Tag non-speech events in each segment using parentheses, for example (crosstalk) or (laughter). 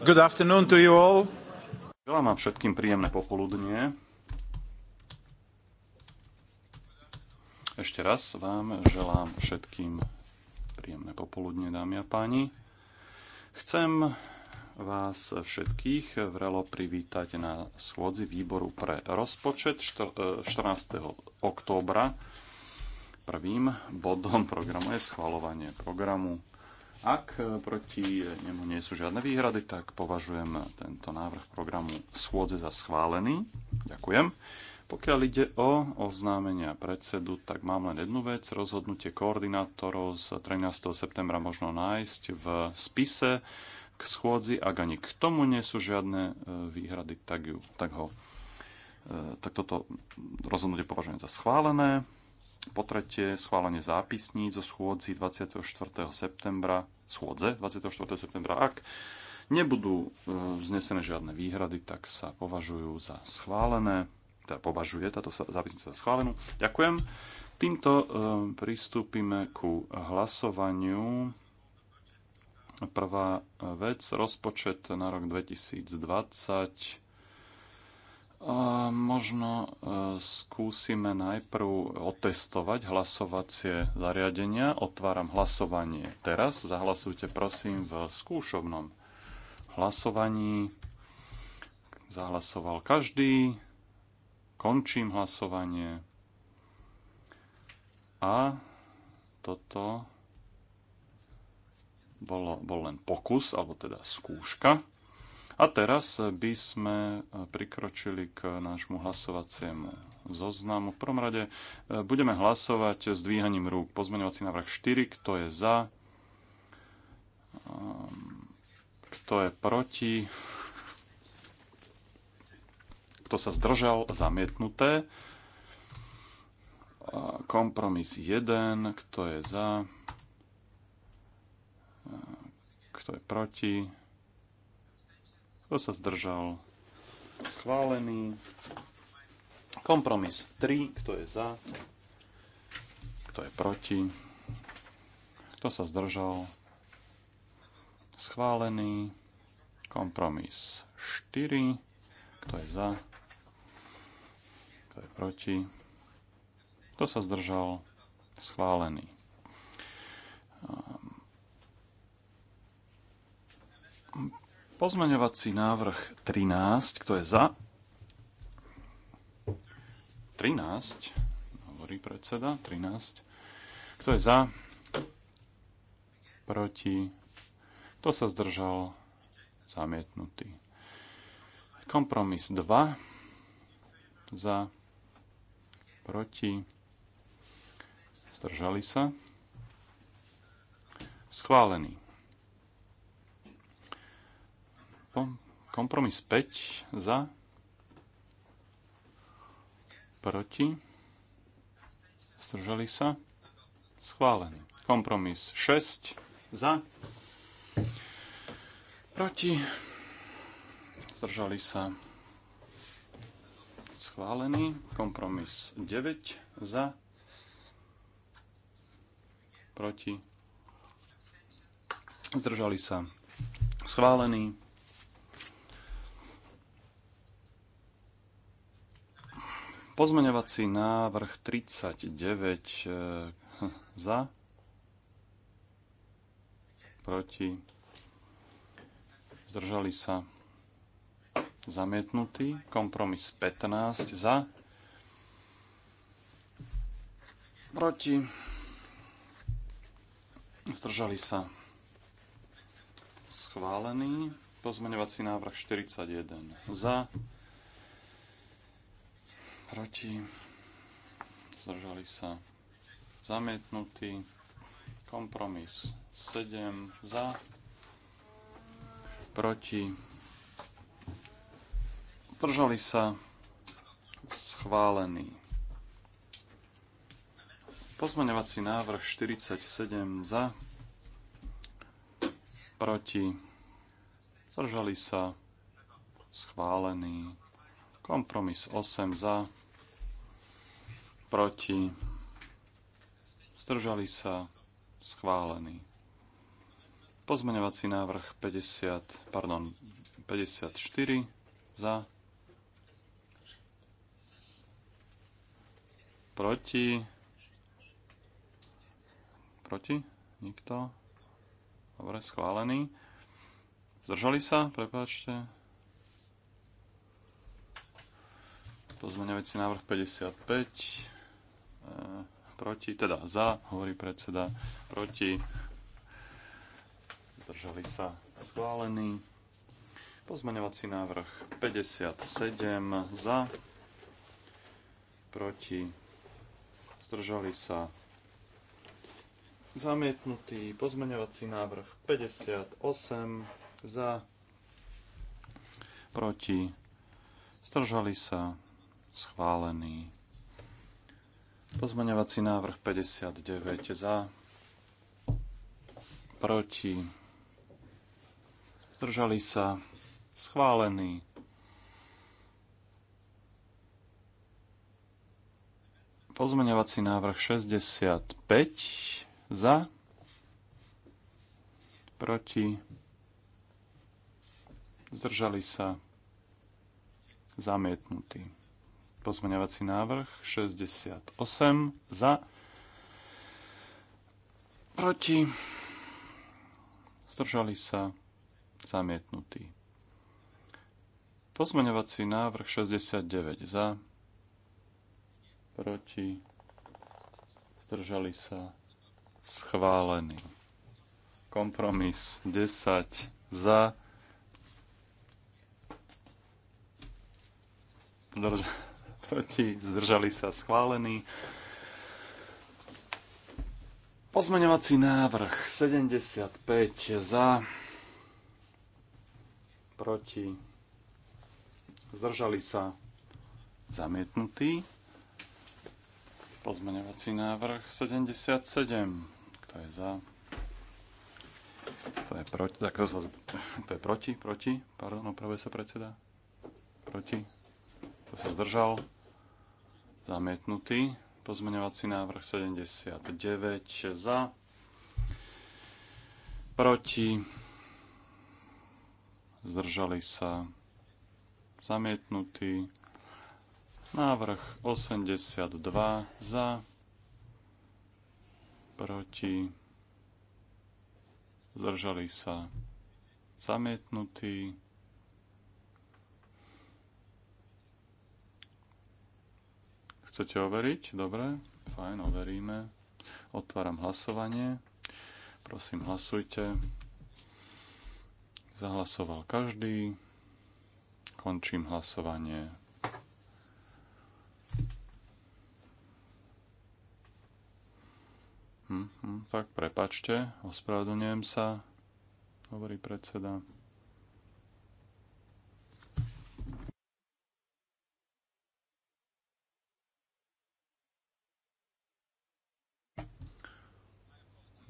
Good afternoon to you all. Želám vám všetkým príjemné popoludnie. Ešte raz vám želám všetkým príjemné popoludne, dámy a páni. Chcem vás všetkých vrelo privítať na schôdzi výboru pre rozpočet 14. E, októbra. Prvým bodom programu je schvalovanie programu ak e, proti nemu nie sú žiadne výhrady, tak považujem tento návrh programu schôdze za schválený. Ďakujem. Pokiaľ ide o oznámenia predsedu, tak mám len jednu vec. Rozhodnutie koordinátorov z 13. septembra možno nájsť v spise k schôdzi. Ak ani k tomu nie sú žiadne e, výhrady, tak, ju, tak, ho, e, tak toto rozhodnutie považujem za schválené. Po tretie, schválenie zápisní zo schôdzi 24. septembra, schôdze 24. septembra. Ak nebudú e, vznesené žiadne výhrady, tak sa považujú za schválené, teda považuje táto zápisnica za schválenú. Ďakujem. Týmto e, pristúpime ku hlasovaniu. Prvá e, vec, rozpočet na rok 2020 Možno e, skúsime najprv otestovať hlasovacie zariadenia. Otváram hlasovanie teraz. Zahlasujte prosím v skúšovnom hlasovaní. Zahlasoval každý. Končím hlasovanie. A toto bolo, bol len pokus, alebo teda skúška. A teraz by sme eh, prikročili k nášmu hlasovaciemu zoznamu. V prvom rade eh, budeme hlasovať s dvíhaním rúk. Pozmeňovací návrh 4, kto je za, ehm, kto je proti, kto sa zdržal, zamietnuté. Kompromis 1, kto je za, ehm, kto je proti, kto sa zdržal? Schválený. Kompromis 3. Kto je za? Kto je proti? Kto sa zdržal? Schválený. Kompromis 4. Kto je za? Kto je proti? Kto sa zdržal? Schválený. Pozmeňovací návrh 13, kto je za? 13, hovorí predseda, 13. Kto je za? Proti? Kto sa zdržal? Zamietnutý. Kompromis 2. Za? Proti? Zdržali sa? Schválený. kompromis 5 za, proti, zdržali sa, schválený. Kompromis 6 za, proti, zdržali sa, schválený. Kompromis 9 za, proti, zdržali sa, schválený. Pozmeňovací návrh 39 eh, (laughs) za, proti, zdržali sa zamietnutý, kompromis 15 za, proti, zdržali sa schválený, pozmeňovací návrh 41 za, proti, zdržali sa zamietnutí, kompromis 7 za, proti, zdržali sa schválený. Pozmeňovací návrh 47 za, proti, zdržali sa schválený. Kompromis 8 za, proti, zdržali sa, schválený. Pozmeňovací návrh 50, pardon, 54 za, proti, proti, nikto, dobre, schválený. Zdržali sa, prepáčte. Pozmeňovací návrh 55 E, proti, teda za, hovorí predseda, proti, zdržali sa schválený. Pozmeňovací návrh 57 za, proti, zdržali sa zamietnutý pozmeňovací návrh 58 za, proti, zdržali sa schválený Pozmeňovací návrh 59 za, proti, zdržali sa, schválený. Pozmeňovací návrh 65 za, proti, zdržali sa, zamietnutý. Pozmeňovací návrh 68 za. Proti. Zdržali sa. Zamietnutý. Pozmeňovací návrh 69 za. Proti. Zdržali sa. Schválený. Kompromis 10 za. Zdržali proti, zdržali sa schválený. Pozmeňovací návrh 75 za, proti, zdržali sa zamietnutý. Pozmeňovací návrh 77, kto je za, to je proti, tak to, to je proti, proti, pardon, opravuje sa predseda. Proti. kto sa zdržal. Zamietnutý. Pozmeňovací návrh 79 za. Proti. Zdržali sa. Zamietnutý. Návrh 82 za. Proti. Zdržali sa. Zamietnutý. Chcete overiť? Dobre, fajn, overíme. Otváram hlasovanie. Prosím, hlasujte. Zahlasoval každý. Končím hlasovanie. Hm, hm, tak prepačte, ospravedlňujem sa, hovorí predseda.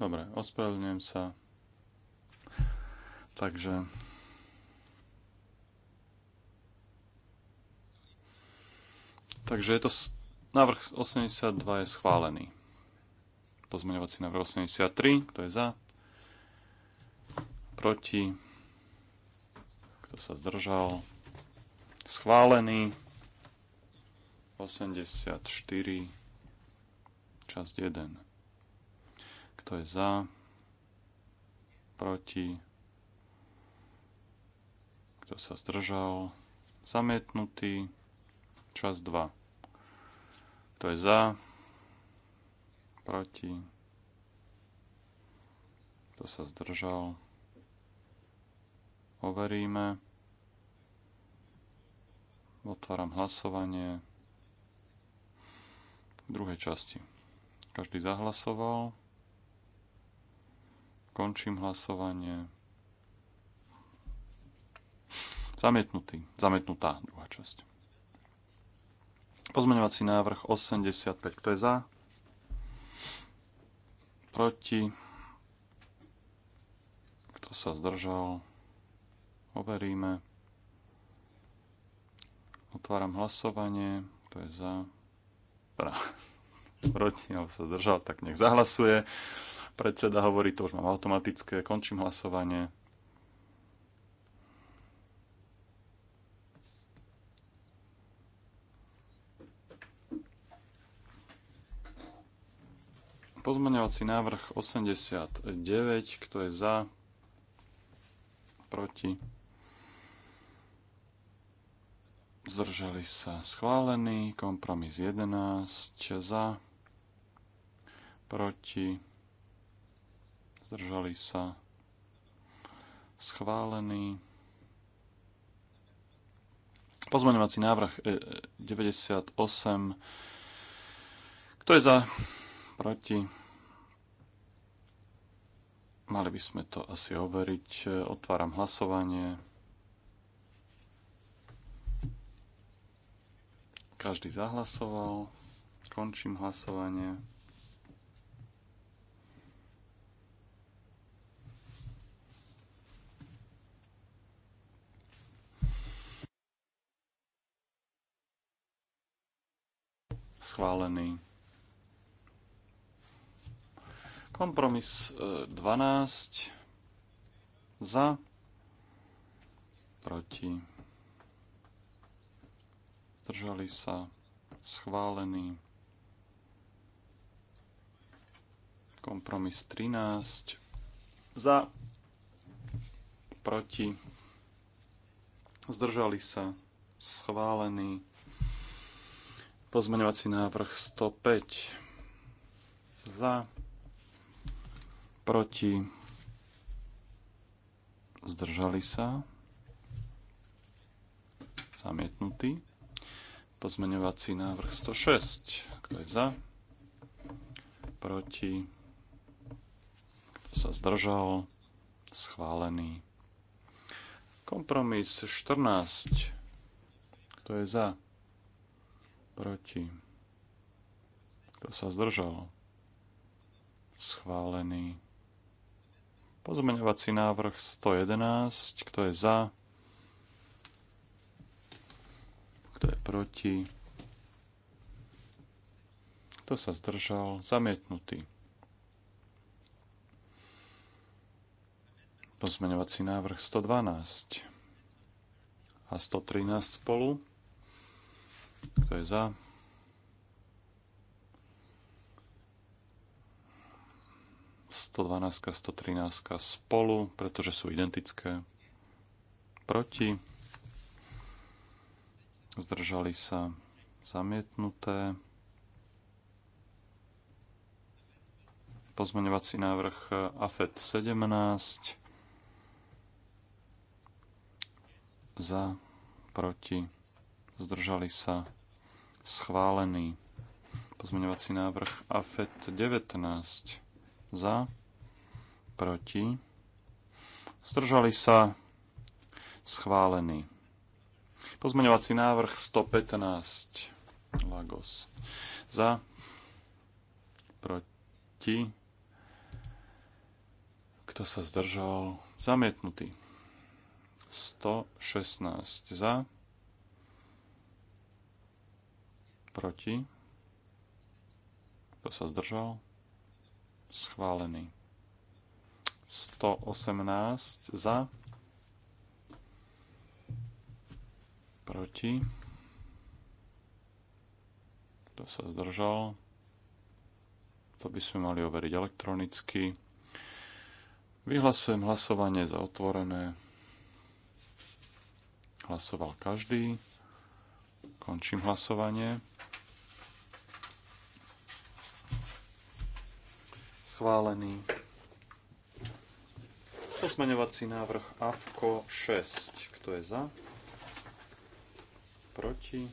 Dobre, ospravedlňujem sa. Takže... Takže je to... Návrh 82 je schválený. Pozmeňovací návrh 83, kto je za? Proti? Kto sa zdržal? Schválený. 84, časť 1 kto je za? Proti? Kto sa zdržal? Zamietnutý. Čas 2. Kto je za? Proti? Kto sa zdržal? Overíme. Otváram hlasovanie v druhej časti. Každý zahlasoval. Končím hlasovanie. Zamietnutý. Zamietnutá druhá časť. Pozmeňovací návrh 85. Kto je za? Proti? Kto sa zdržal? Overíme. Otváram hlasovanie. Kto je za? Pra. (laughs) Proti, ale sa zdržal, tak nech zahlasuje. Predseda hovorí, to už mám automatické, končím hlasovanie. Pozmeňovací návrh 89, kto je za, proti, zdržali sa schválený, kompromis 11, za, proti, zdržali sa, schválený. Pozmeňovací návrh 98. E, e, Kto je za? Proti? Mali by sme to asi overiť. E, otváram hlasovanie. Každý zahlasoval. Končím hlasovanie. schválený. Kompromis 12 e, za, proti, zdržali sa, schválený. Kompromis 13 za, proti, zdržali sa, schválený. Pozmeňovací návrh 105 za, proti, zdržali sa, zamietnutý. Pozmeňovací návrh 106, kto je za, proti, sa zdržal, schválený. Kompromis 14, kto je za, Proti. Kto sa zdržal? Schválený. Pozmeňovací návrh 111. Kto je za? Kto je proti? Kto sa zdržal? Zamietnutý. Pozmeňovací návrh 112 a 113 spolu. Kto je za? Sto dvanáctka, spolu, pretože sú identické. Proti. Zdržali sa zamietnuté. Pozmeňovací návrh AFET 17 za, proti zdržali sa schválený. Pozmeňovací návrh AFET 19 za, proti, zdržali sa schválený. Pozmeňovací návrh 115 Lagos za, proti, kto sa zdržal, zamietnutý. 116 za, Proti. Kto sa zdržal? Schválený. 118 za. Proti. Kto sa zdržal? To by sme mali overiť elektronicky. Vyhlasujem hlasovanie za otvorené. Hlasoval každý. Končím hlasovanie. schválený. Pozmeňovací návrh AFKO 6. Kto je za? Proti?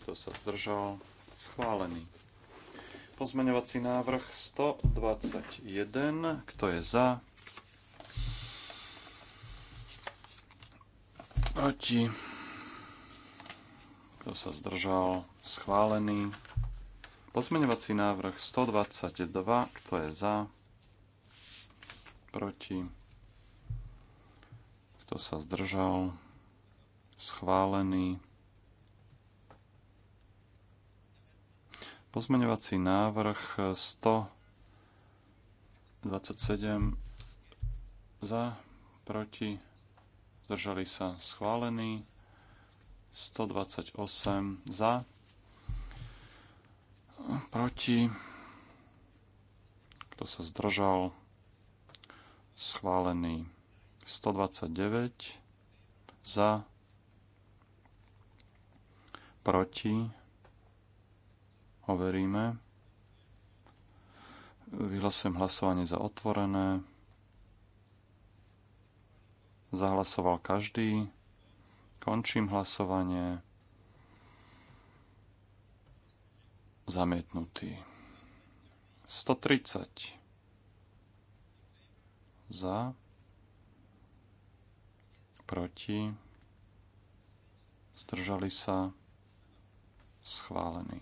Kto sa zdržal? Schválený. Pozmeňovací návrh 121. Kto je za? Proti? Kto sa zdržal? Schválený. Pozmeňovací návrh 122, kto je za, proti, kto sa zdržal, schválený. Pozmeňovací návrh 127 za, proti, zdržali sa schválený, 128 za, proti, kto sa zdržal, schválený 129, za, proti, overíme. Vyhlasujem hlasovanie za otvorené. Zahlasoval každý. Končím hlasovanie. Zamietnutý. 130. Za. Proti. Zdržali sa. Schválený.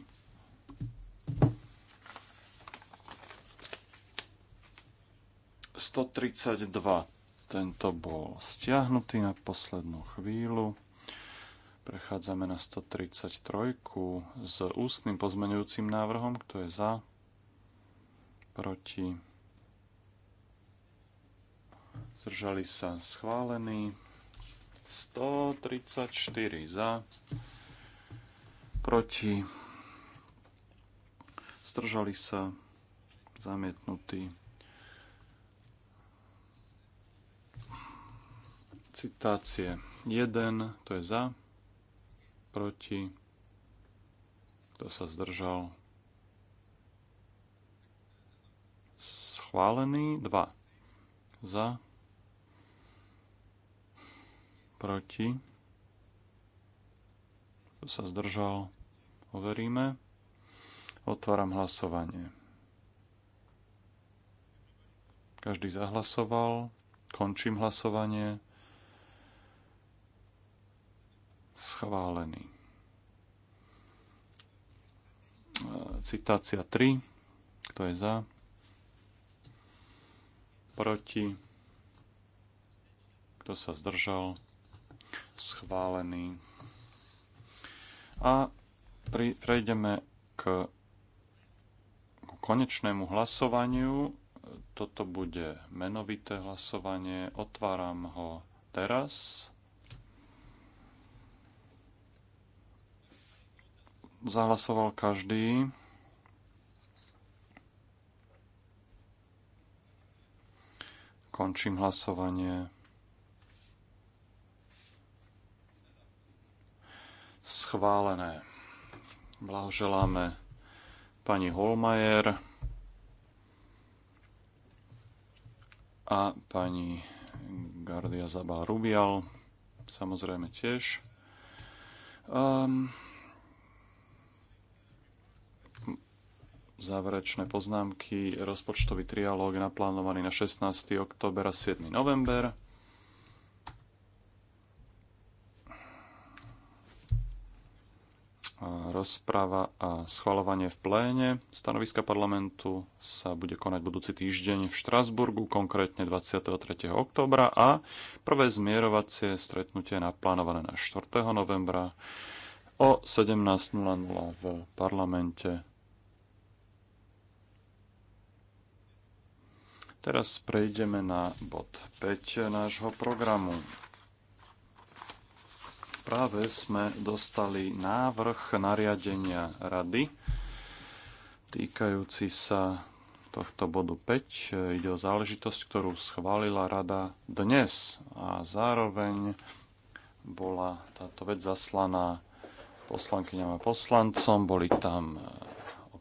Sto tridsaťdva. Tento bol stiahnutý na poslednú chvíľu. Prechádzame na 133 s ústnym pozmeňujúcim návrhom, kto je za, proti, zdržali sa schválený, 134 za, proti, zdržali sa zamietnutý. Citácie 1, to je za, proti, kto sa zdržal, schválený, 2 za, proti, kto sa zdržal, overíme, otváram hlasovanie. Každý zahlasoval, končím hlasovanie. Schválený. Citácia 3. Kto je za? Proti? Kto sa zdržal? Schválený. A prejdeme k konečnému hlasovaniu. Toto bude menovité hlasovanie. Otváram ho teraz. Zahlasoval každý. Končím hlasovanie. Schválené. Blahoželáme pani Holmajer a pani Gardia Zabal Rubial samozrejme tiež. Um, záverečné poznámky. Rozpočtový trialóg je naplánovaný na 16. október a 7. november. Rozprava a schvalovanie v pléne stanoviska parlamentu sa bude konať budúci týždeň v Štrasburgu, konkrétne 23. oktobra a prvé zmierovacie stretnutie je naplánované na 4. novembra o 17.00 v parlamente Teraz prejdeme na bod 5 nášho programu. Práve sme dostali návrh nariadenia rady týkajúci sa tohto bodu 5. Ide o záležitosť, ktorú schválila rada dnes a zároveň bola táto vec zaslaná poslankyňam a poslancom. Boli tam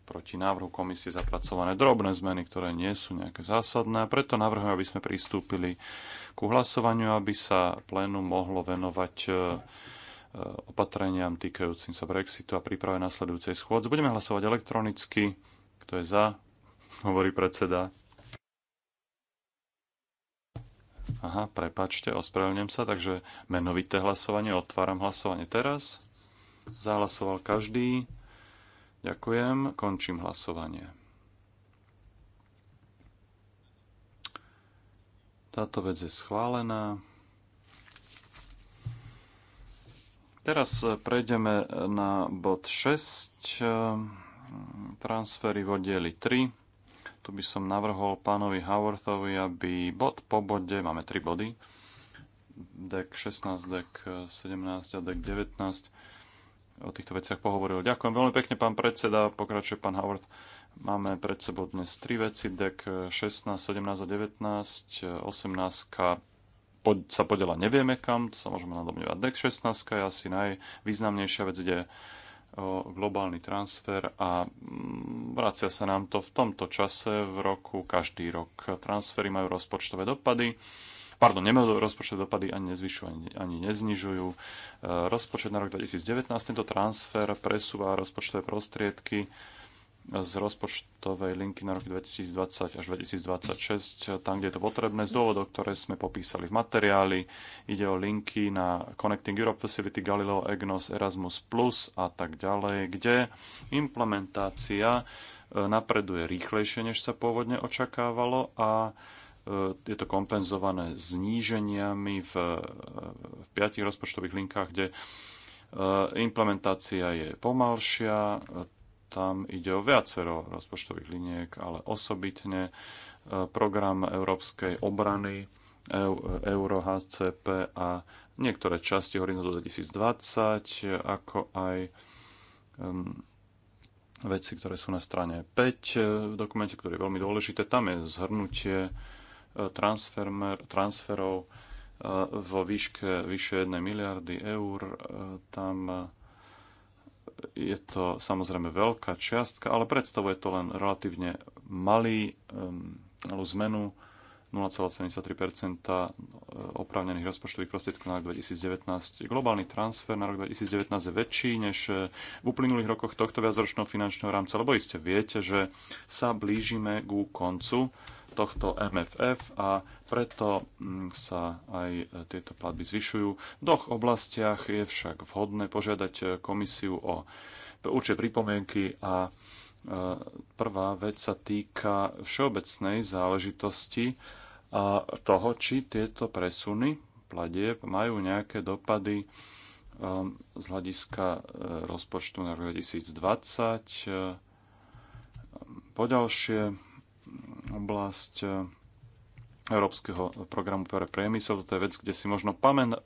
proti návrhu komisie zapracované drobné zmeny, ktoré nie sú nejaké zásadné. Preto navrhujem, aby sme pristúpili ku hlasovaniu, aby sa plénu mohlo venovať e, e, opatreniam týkajúcim sa Brexitu a príprave nasledujúcej schôdze. Budeme hlasovať elektronicky. Kto je za? (laughs) Hovorí predseda. Aha, prepačte, ospravedlňujem sa. Takže menovité hlasovanie, otváram hlasovanie teraz. Zahlasoval každý. Ďakujem, končím hlasovanie. Táto vec je schválená. Teraz prejdeme na bod 6, transfery v oddeli 3. Tu by som navrhol pánovi Howarthovi, aby bod po bode, máme 3 body, dek 16, dek 17 a dek 19, o týchto veciach pohovoril. Ďakujem veľmi pekne, pán predseda. Pokračuje pán Howard. Máme pred sebou dnes tri veci. DEK 16, 17 a 19. 18 sa podela nevieme kam, to sa môžeme nadomňovať. DEK 16 je asi najvýznamnejšia vec, kde o globálny transfer a mm, vracia sa nám to v tomto čase v roku každý rok. Transfery majú rozpočtové dopady pardon, nemajú rozpočet dopady ani nezvyšujú, ani, ani neznižujú. E, rozpočet na rok 2019, tento transfer presúva rozpočtové prostriedky z rozpočtovej linky na roky 2020 až 2026, tam, kde je to potrebné, z dôvodov, ktoré sme popísali v materiáli. Ide o linky na Connecting Europe Facility, Galileo, EGNOS, Erasmus+, a tak ďalej, kde implementácia e, napreduje rýchlejšie, než sa pôvodne očakávalo a Eh, je to kompenzované zníženiami v, v piatich rozpočtových linkách, kde eh, implementácia je pomalšia, tam ide o viacero rozpočtových liniek, ale osobitne eh, program európskej obrany Euro HCP a niektoré časti Horizontu 2020, ako aj um, veci, ktoré sú na strane 5 v dokumente, ktoré je veľmi dôležité. Tam je zhrnutie transferov e, vo výške vyše 1 miliardy eur. E, tam e, je to samozrejme veľká čiastka, ale predstavuje to len relatívne malý, malú zmenu 0,73 oprávnených rozpočtových prostriedkov na rok 2019. Globálny transfer na rok 2019 je väčší než v uplynulých rokoch tohto viacročného finančného rámca, lebo iste viete, že sa blížime ku koncu tohto MFF a preto mm, sa aj e, tieto platby zvyšujú. V dvoch oblastiach je však vhodné požiadať e, komisiu o určité pripomienky a e, prvá vec sa týka všeobecnej záležitosti a toho, či tieto presuny platieb majú nejaké dopady z hľadiska rozpočtu na rok 2020. Poďalšie, oblasť eh, Európskeho programu pre priemysel. Toto je vec, kde si možno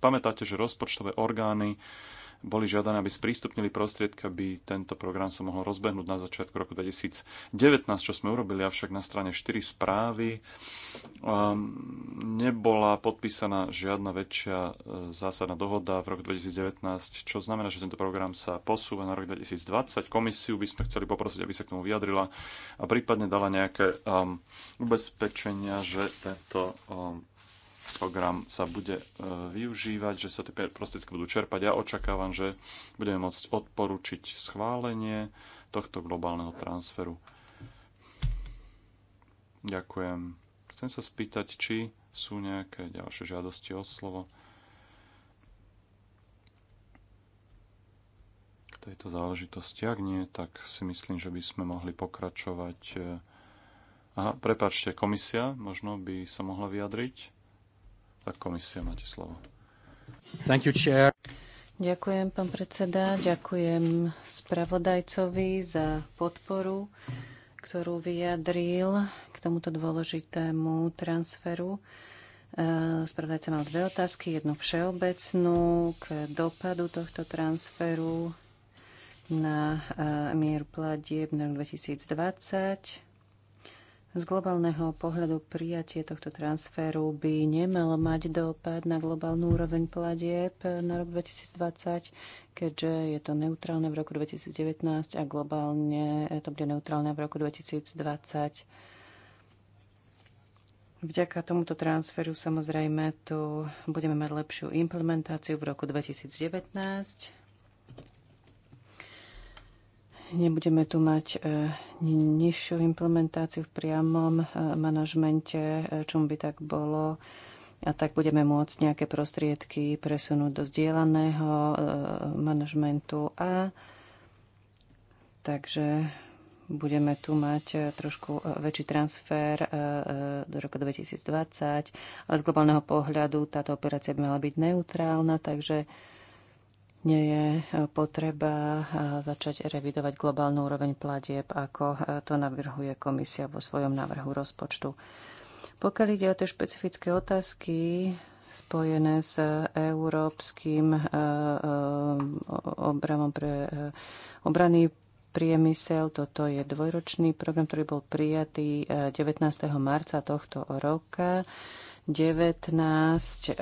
pamätáte, že rozpočtové orgány boli žiadané, aby sprístupnili prostriedky, aby tento program sa mohol rozbehnúť na začiatku roku 2019, čo sme urobili, avšak na strane 4 správy ehm, nebola podpísaná žiadna väčšia e, zásadná dohoda v roku 2019, čo znamená, že tento program sa posúva na rok 2020. Komisiu by sme chceli poprosiť, aby sa k tomu vyjadrila a prípadne dala nejaké um, ubezpečenia, že tento um, program sa bude e, využívať, že sa tie prostriedky budú čerpať. Ja očakávam, že budeme môcť odporučiť schválenie tohto globálneho transferu. Ďakujem. Chcem sa spýtať, či sú nejaké ďalšie žiadosti o slovo k tejto záležitosti. Ak nie, tak si myslím, že by sme mohli pokračovať. E, Aha, prepáčte, komisia možno by sa mohla vyjadriť. Tak komisia, máte slovo. Thank you, chair. Ďakujem, pán predseda. Ďakujem spravodajcovi za podporu, ktorú vyjadril k tomuto dôležitému transferu. E, spravodajca mal dve otázky. Jednu všeobecnú k dopadu tohto transferu na e, mieru platieb na 2020 z globálneho pohľadu prijatie tohto transferu by nemalo mať dopad na globálnu úroveň platieb na rok 2020, keďže je to neutrálne v roku 2019 a globálne to bude neutrálne v roku 2020. Vďaka tomuto transferu samozrejme tu budeme mať lepšiu implementáciu v roku 2019 nebudeme tu mať e, nižšiu implementáciu v priamom e, manažmente, e, čom by tak bolo. A tak budeme môcť nejaké prostriedky presunúť do zdieľaného manažmentu a takže budeme tu mať trošku väčší transfer do roku 2020, ale z globálneho pohľadu táto operácia by mala byť neutrálna, takže nie je eh, potreba eh, začať revidovať globálnu úroveň platieb, ako eh, to navrhuje komisia vo svojom návrhu rozpočtu. Pokiaľ ide o tie špecifické otázky spojené s európskym obramom pre obranný priemysel, toto je dvojročný program, ktorý bol prijatý 19. marca tohto roka. 19 eh,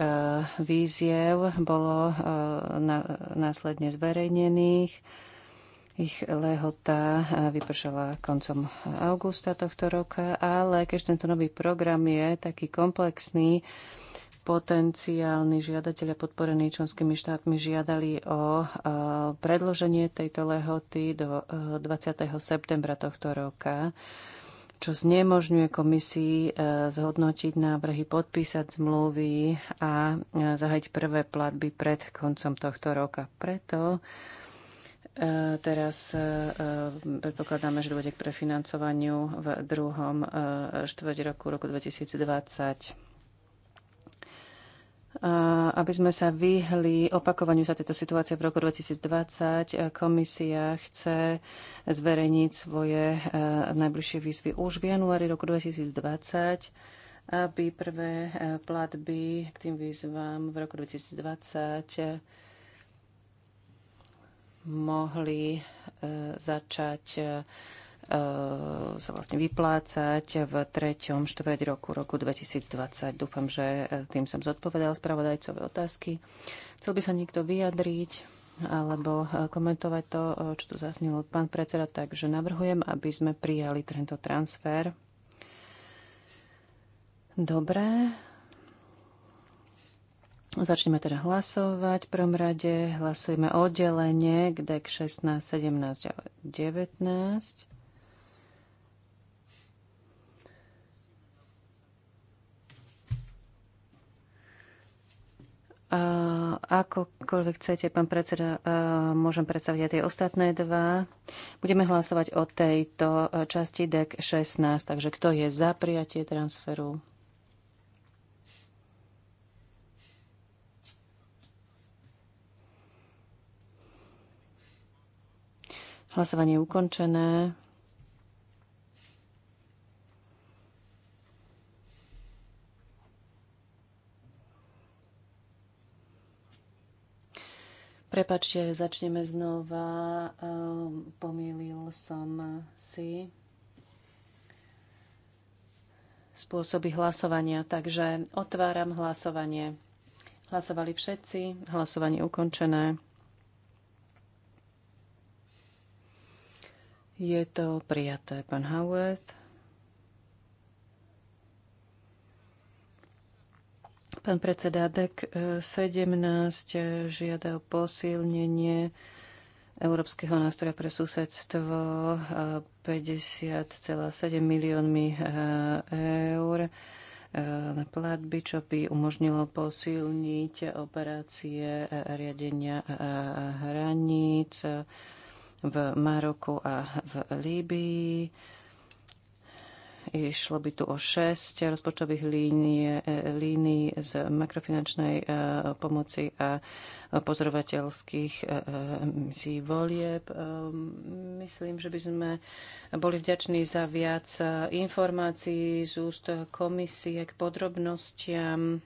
víziev bolo eh, následne zverejnených. Ich lehota eh, vypršala koncom augusta tohto roka, ale keďže tento nový program je taký komplexný, potenciálni žiadatelia podporení členskými štátmi žiadali o predloženie tejto lehoty do 20. septembra tohto roka čo znemožňuje komisii e, zhodnotiť návrhy, podpísať zmluvy a e, zahajiť prvé platby pred koncom tohto roka. Preto e, teraz predpokladáme, že dôjde k prefinancovaniu v druhom štvrť roku roku 2020 aby sme sa vyhli opakovaniu sa tejto situácie v roku 2020, komisia chce zverejniť svoje najbližšie výzvy už v januári roku 2020, aby prvé platby k tým výzvam v roku 2020 mohli e, začať e, E, sa vlastne vyplácať v treťom štvrť roku, roku 2020. Dúfam, že e, tým som zodpovedal spravodajcové otázky. Chcel by sa niekto vyjadriť alebo e, komentovať to, čo tu zasnil pán predseda, takže navrhujem, aby sme prijali tento transfer. Dobre, Začneme teda hlasovať. V prvom rade hlasujeme oddelenie k DEK 16, 17 a 19. akokoľvek chcete, pán predseda, môžem predstaviť aj tie ostatné dva. Budeme hlasovať o tejto časti DEC 16, takže kto je za prijatie transferu? Hlasovanie je ukončené. Prepačte, začneme znova. Ehm, pomýlil som si spôsoby hlasovania. Takže otváram hlasovanie. Hlasovali všetci. Hlasovanie ukončené. Je to prijaté, pán Howard. Pán predseda DEC 17 eh, eh, žiada o posilnenie Európskeho nástroja pre susedstvo 50,7 eh, miliónmi eur na platby, čo by umožnilo posilniť operácie riadenia hraníc v Maroku a v Líbii Išlo by tu o 6 rozpočtových línií, e, línií z makrofinančnej e, pomoci a pozorovateľských e, misií volieb. Myslím, že by sme boli vďační za viac informácií z úst komisie k podrobnostiam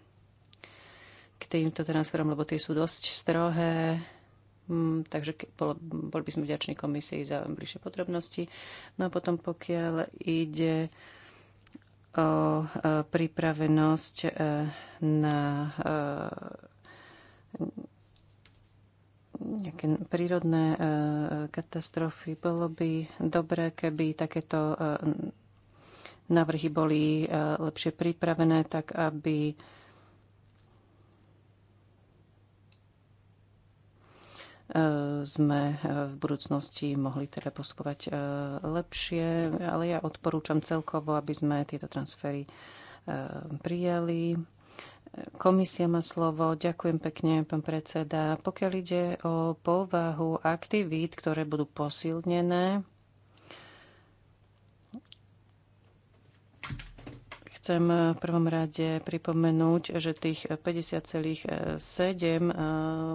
k týmto transferom, lebo tie sú dosť strohé Mm, takže bol, boli by sme vďační komisii za bližšie podrobnosti. No a potom pokiaľ ide o e, pripravenosť e, na e, nejaké prírodné katastrofy, bolo by dobré, keby takéto návrhy boli lepšie pripravené, tak aby Eh, sme eh, v budúcnosti mohli teda postupovať eh, lepšie, ale ja odporúčam celkovo, aby sme tieto transfery prijali. Komisia má slovo. Ďakujem pekne, pán predseda. Pokiaľ ide o povahu aktivít, ktoré budú posilnené, chcem v prvom rade pripomenúť, že tých 50,7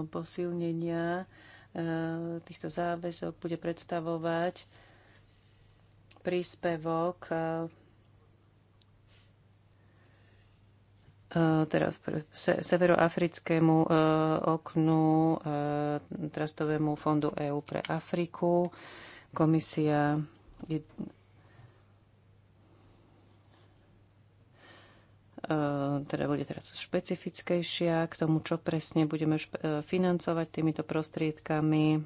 posilnenia Eh, týchto záväzok bude predstavovať príspevok eh, eh, teraz severoafrickému oknu Trastovému fondu EÚ pre Afriku. Komisia E, teda bude teraz špecifickejšia k tomu, čo presne budeme e, financovať týmito prostriedkami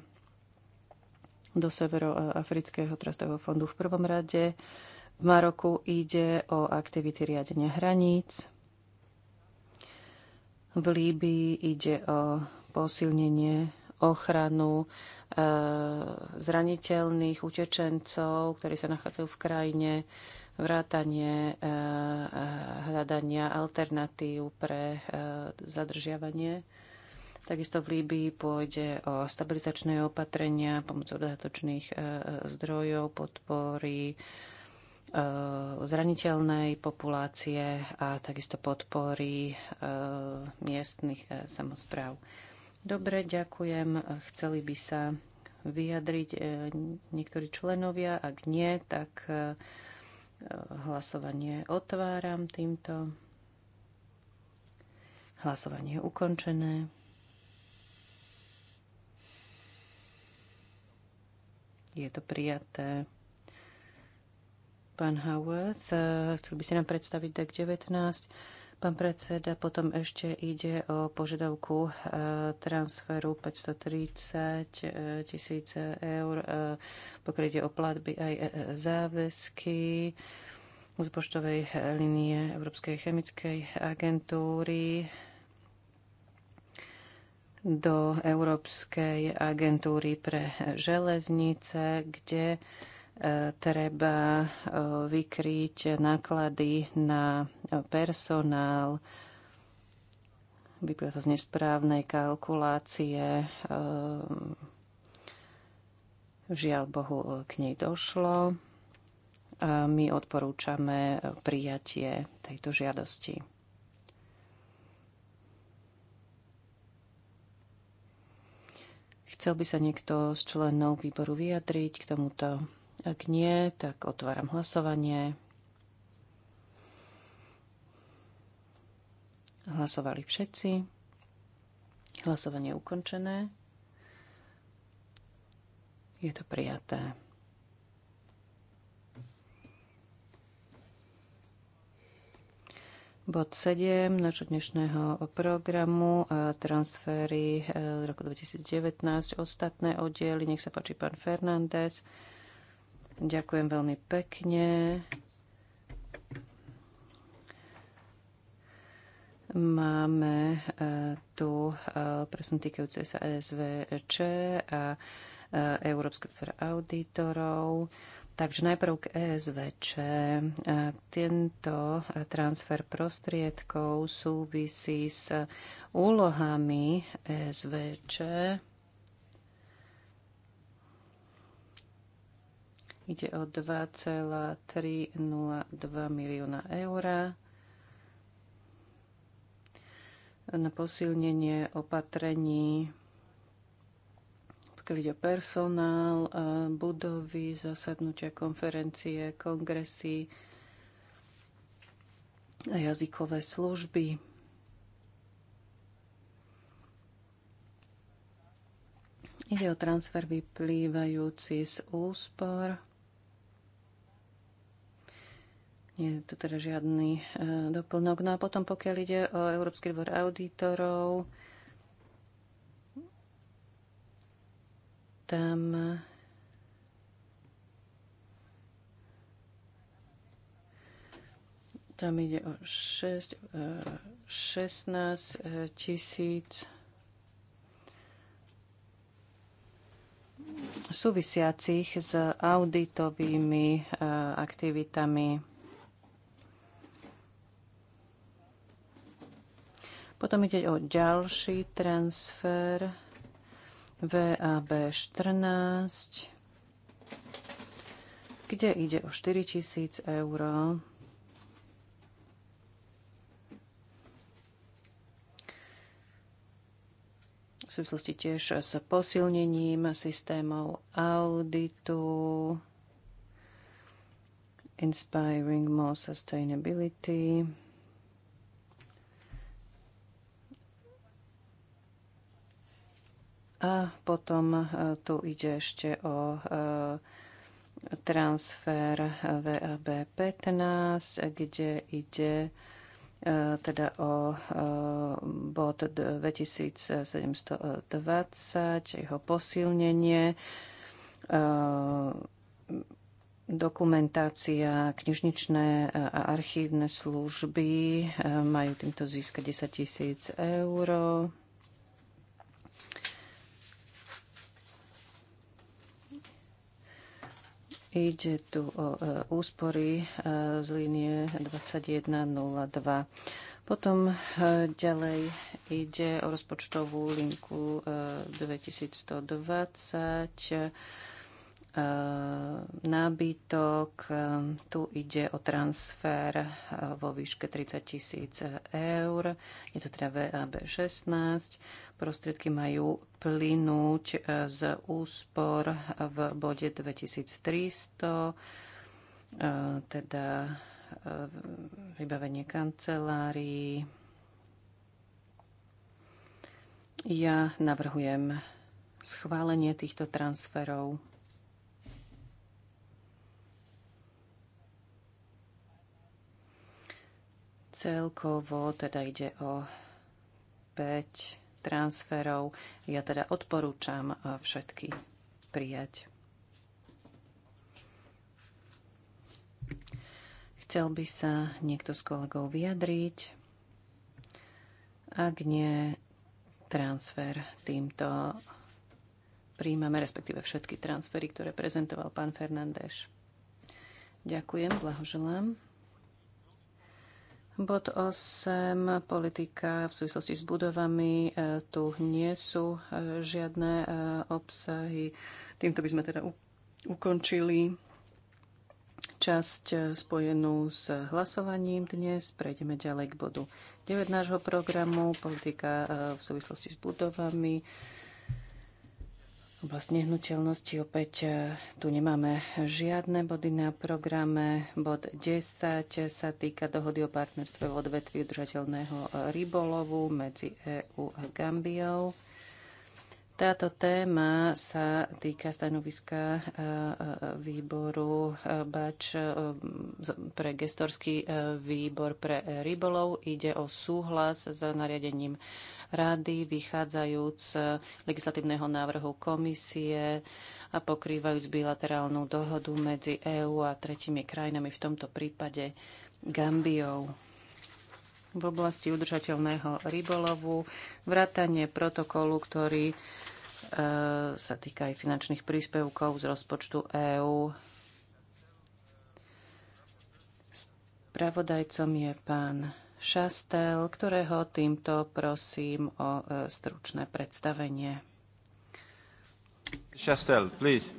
do Severoafrického trastového fondu v prvom rade. V Maroku ide o aktivity riadenia hraníc. V Líbii ide o posilnenie ochranu e, zraniteľných utečencov, ktorí sa nachádzajú v krajine vrátanie e, e, hľadania alternatív pre e, zadržiavanie. Takisto v Líbii pôjde o stabilizačné opatrenia pomocou dodatočných zdrojov, podpory zraniteľnej populácie a takisto podpory miestnych samozpráv. Dobre, ďakujem. Chceli by sa vyjadriť niektorí členovia. Ak nie, tak Hlasovanie otváram týmto. Hlasovanie je ukončené. Je to prijaté. Pán Howard. chcel by ste nám predstaviť DEC 19. Pán predseda, potom ešte ide o požiadavku e, transferu 530 e, tisíc eur, e, pokrytie o platby aj záväzky z poštovej linie Európskej chemickej agentúry do Európskej agentúry pre železnice, kde treba e, vykryť náklady na personál, vyplýva to z nesprávnej kalkulácie. E, žiaľ Bohu, k nej došlo. A my odporúčame prijatie tejto žiadosti. Chcel by sa niekto z členov výboru vyjadriť k tomuto ak nie, tak otváram hlasovanie. Hlasovali všetci. Hlasovanie je ukončené. Je to prijaté. Bod 7 našho dnešného programu e, transfery e, roku 2019, ostatné oddiely. Nech sa páči pán Fernández. Ďakujem veľmi pekne. Máme e, tu e, presun týkajúce sa SVČ a e, Európsky dvor auditorov. Takže najprv k ESVČ. Tento transfer prostriedkov súvisí s úlohami ESVČ Ide o 2,302 milióna eur na posilnenie opatrení, pokiaľ ide o personál, budovy, zasadnutia, konferencie, kongresy a jazykové služby. Ide o transfer vyplývajúci z úspor Nie je tu teda žiadny eh, doplnok. No a potom, pokiaľ ide o Európsky dvor auditorov, tam tam ide o 6, 16 eh, eh, tisíc súvisiacich s auditovými aktivitami Potom ide o ďalší transfer VAB 14, kde ide o 4000 eur. V súvislosti tiež s posilnením systémov auditu Inspiring More Sustainability. A potom e, tu ide ešte o e, transfer VAB 15, kde ide e, teda o bod 2720, jeho posilnenie, dokumentácia, knižničné a archívne služby majú týmto získať 10 000 eur. Ide tu o e, úspory e, z línie 2102. Potom e, ďalej ide o rozpočtovú linku 2120 Eh, nábytok. Eh, tu ide o transfer eh, vo výške 30 tisíc eur. Je to teda VAB 16. Prostriedky majú plynúť z úspor v bode 2300, teda vybavenie kancelárií. Ja navrhujem schválenie týchto transferov. Celkovo teda ide o 5 transferov. Ja teda odporúčam eh, všetky prijať. Chcel by sa niekto z kolegov vyjadriť? Ak nie, transfer týmto príjmame, respektíve všetky transfery, ktoré prezentoval pán Fernández. Ďakujem, blahoželám. Bod 8. Politika v súvislosti s budovami. E, tu nie sú e, žiadne e, obsahy. Týmto by sme teda ukončili časť spojenú s hlasovaním dnes. Prejdeme ďalej k bodu 9 nášho programu. Politika v súvislosti s budovami. Oblast nehnuteľnosti opäť e, tu nemáme žiadne body na programe. Bod 10 sa týka dohody o partnerstve v odvetvi udržateľného e, rybolovu medzi EÚ a Gambiou. Táto téma sa týka stanoviska e, výboru BAČ pre gestorský výbor pre rybolov. Ide o súhlas s nariadením rady, vychádzajúc z legislatívneho návrhu komisie a pokrývajúc bilaterálnu dohodu medzi EÚ a tretimi krajinami, v tomto prípade Gambiou v oblasti udržateľného rybolovu, vrátanie protokolu, ktorý e, sa týka aj finančných príspevkov z rozpočtu EÚ. Spravodajcom je pán Šastel, ktorého týmto prosím o e, stručné predstavenie. Šastel, please.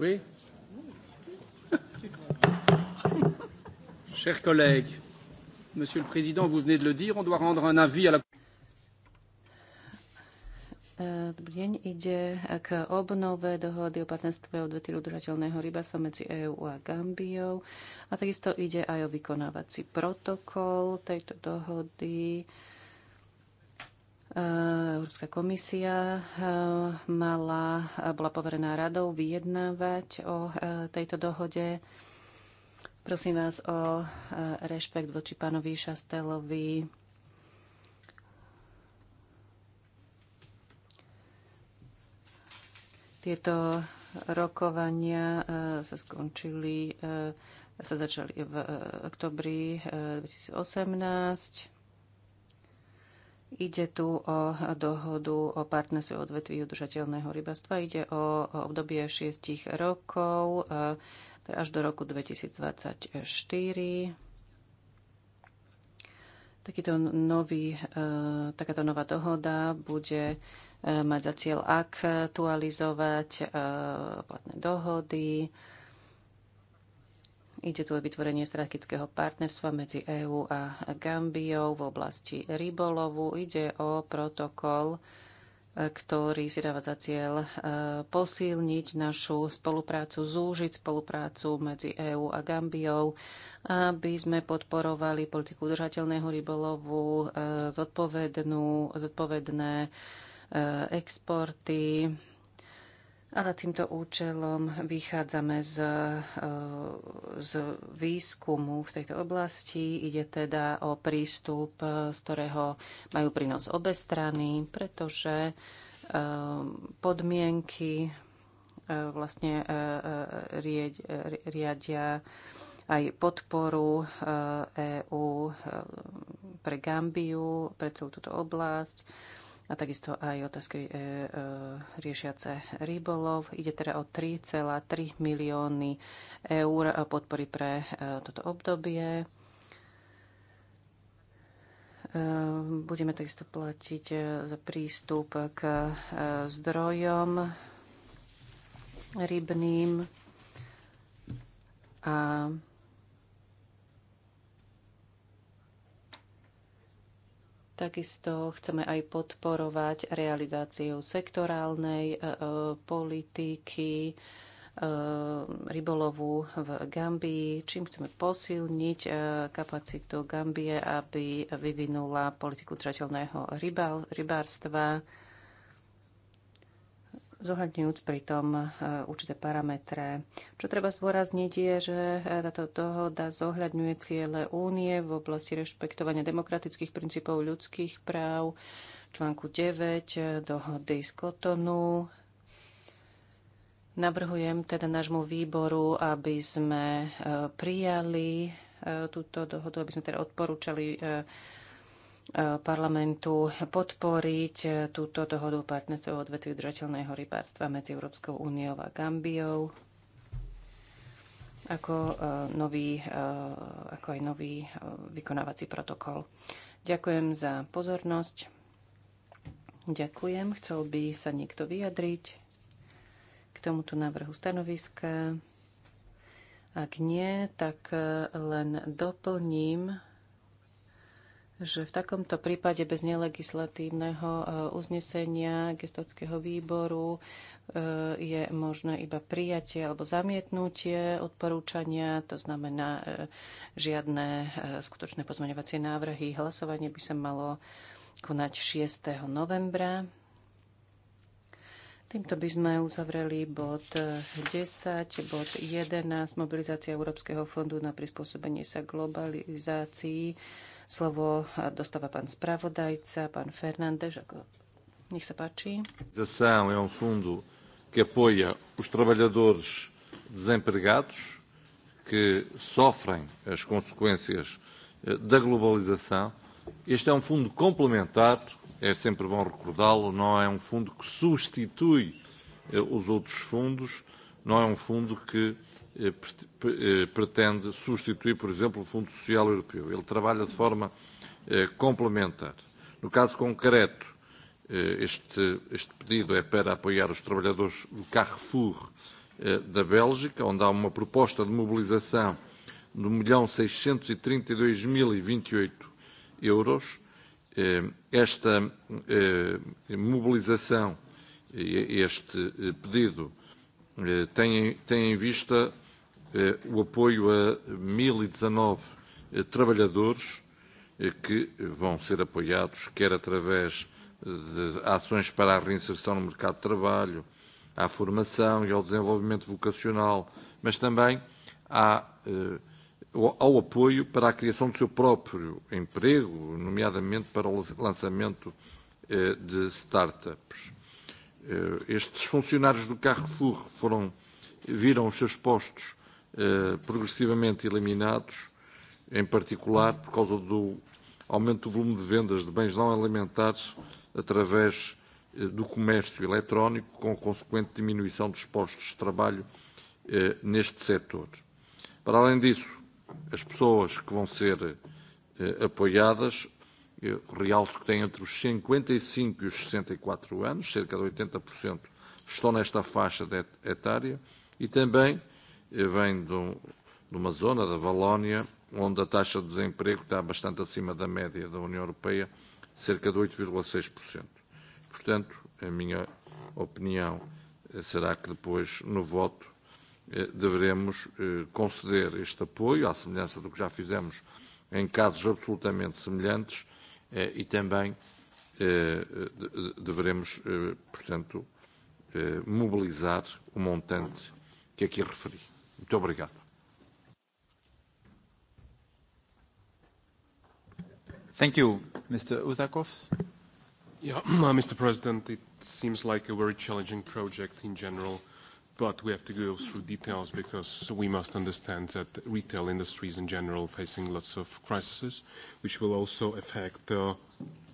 Oui. Chers collègues, Monsieur le Président, vous venez de le dire, on doit rendre un avis à la Dobrý deň. Ide k obnove dohody o partnerstve odvetí udržateľného rybarstva medzi EÚ a Gambiou. A takisto ide aj o vykonávací protokol tejto dohody. E, Európska komisia e, mala, bola poverená radou vyjednávať o e, tejto dohode. Prosím vás o rešpekt voči pánovi Šastelovi Tieto rokovania eh, sa skončili, eh, sa začali v eh, oktobri 2018. Ide tu o dohodu o partnerstve odvetví udržateľného rybastva. Ide o obdobie šiestich rokov, teda až do roku 2024. Takýto nový, takáto nová dohoda bude E, mať za cieľ aktualizovať e, platné dohody. Ide tu o vytvorenie strategického partnerstva medzi EÚ a Gambiou v oblasti rybolovu. Ide o protokol, e, ktorý si dáva za cieľ posilniť našu spoluprácu, zúžiť spoluprácu medzi EÚ a Gambiou, aby sme podporovali politiku udržateľného rybolovu, zodpovednú, zodpovedné Eh, exporty. A za týmto účelom vychádzame z, eh, z výskumu v tejto oblasti. Ide teda o prístup, eh, z ktorého majú prínos obe strany, pretože podmienky vlastne riadia aj podporu EÚ e pre Gambiu, pre celú túto oblasť a takisto aj otázky e, e, riešiace rybolov. Ide teda o 3,3 milióny eur podpory pre e, toto obdobie. E, budeme takisto platiť e, za prístup k e, zdrojom rybným a Takisto chceme aj podporovať realizáciu sektorálnej e, e, politiky, e, rybolovu v Gambii, čím chceme posilniť kapacitu Gambie, aby vyvinula politiku trateľného rybárstva zohľadňujúc pritom e, určité parametre. Čo treba zdôrazniť je, že e, táto dohoda zohľadňuje ciele únie v oblasti rešpektovania demokratických princípov ľudských práv, článku 9 e, dohody z Kotonu. Navrhujem teda nášmu výboru, aby sme prijali túto dohodu, aby sme teda odporúčali parlamentu podporiť túto dohodu partnerstva o odvetví udržateľného rybárstva medzi Európskou úniou a Gambiou ako, e, nový, e, ako aj nový e, vykonávací protokol. Ďakujem za pozornosť. Ďakujem. Chcel by sa niekto vyjadriť k tomuto návrhu stanoviska. Ak nie, tak len doplním že v takomto prípade bez nelegislatívneho e, uznesenia gestorského výboru e, je možné iba prijatie alebo zamietnutie odporúčania, to znamená e, žiadne skutočné pozmeňovacie návrhy. Hlasovanie by sa malo konať 6. novembra Týmto by sme uzavreli bod 10, bod 11, mobilizácia Európskeho fondu na prispôsobenie sa globalizácii Slovo eh, dostáva pán spravodajca, pán Fernández. Nech sa páči. Zação é um fundo que apoia os trabalhadores desempregados que sofrem as consequências eh, da globalização. Este é um fundo complementar, é sempre bom recordá-lo, não é um fundo que substitui eh, os outros fundos, não é um fundo que Eh, eh, pretende substituir, por exemplo, o Fundo Social Europeu. Ele trabalha de forma eh, complementar. No caso concreto, este, este pedido é para apoiar os trabalhadores do Carrefour da Bélgica, onde há uma proposta de mobilização de 1.632.028 um milhão euros. Esta mobilização, este pedido, tem, têm em vista o apoio a 1.019 trabalhadores que vão ser apoiados, quer através de ações para a reinserção no mercado de trabalho, à formação e ao desenvolvimento vocacional, mas também à, ao apoio para a criação do seu próprio emprego, nomeadamente para o lançamento de startups. Eh, estes funcionários do Carrefour foram, viram os seus postos eh, progressivamente eliminados, em particular por causa do aumento do volume de vendas de bens não alimentares através eh, do comércio eletrónico, com a consequente diminuição dos postos de trabalho eh, neste setor. Para além disso, as pessoas que vão ser eh, apoiadas Eh, realço que tem entre os 55 e, e os 64 e anos, cerca de 80% estão nesta faixa de etária, e também eh, vem de, um, de uma zona da Valónia, onde a taxa de desemprego está bastante acima da média da União Europeia, cerca de 8,6%. Portanto, a minha opinião eh, será que depois, no voto, deveremos conceder este apoio, à semelhança do que já fizemos em casos absolutamente semelhantes, e também deveremos, portanto, mobilizar o montante que aqui referi. Muito obrigado. Thank you. Mr. Uzakovs. Yeah, (clears throat) uh, Mr. President, it seems like a very challenging project in general but we have to go through details because we must understand that retail industries in general facing lots of crises, which will also affect uh,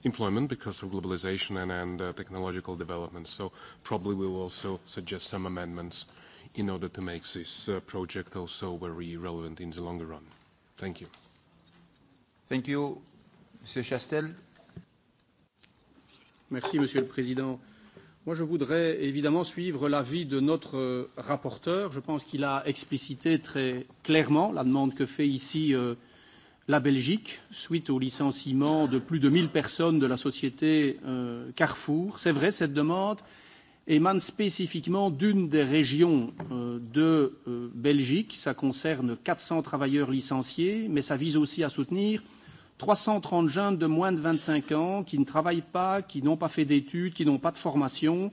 employment because of globalization and, and uh, technological development. So probably we'll also suggest some amendments in order to make this uh, project also very relevant in the longer run. Thank you. Thank you. Monsieur Chastel. Merci, Monsieur le Président. Moi, je voudrais évidemment suivre l'avis de notre euh, rapporteur. Je pense qu'il a explicité très clairement la demande que fait ici euh, la Belgique suite au licenciement de plus de 1000 personnes de la société euh, Carrefour. C'est vrai, cette demande émane spécifiquement d'une des régions euh, de euh, Belgique. Ça concerne 400 travailleurs licenciés, mais ça vise aussi à soutenir 330 jeunes de moins de 25 ans qui ne travaillent pas, qui n'ont pas fait d'études, qui n'ont pas de formation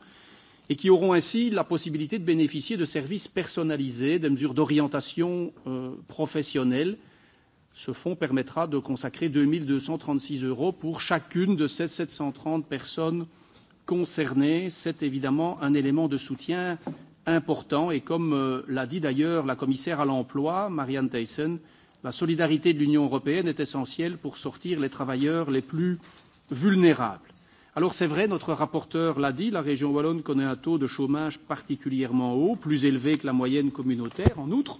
et qui auront ainsi la possibilité de bénéficier de services personnalisés, de mesures d'orientation euh, professionnelle. Ce fonds permettra de consacrer 2 236 euros pour chacune de ces 730 personnes concernées. C'est évidemment un élément de soutien important et comme euh, l'a dit d'ailleurs la commissaire à l'emploi, Marianne Thyssen, La solidarité de l'Union européenne est essentielle pour sortir les travailleurs les plus vulnérables. Alors c'est vrai, notre rapporteur l'a dit, la région wallonne connaît un taux de chômage particulièrement haut, plus élevé que la moyenne communautaire. En outre,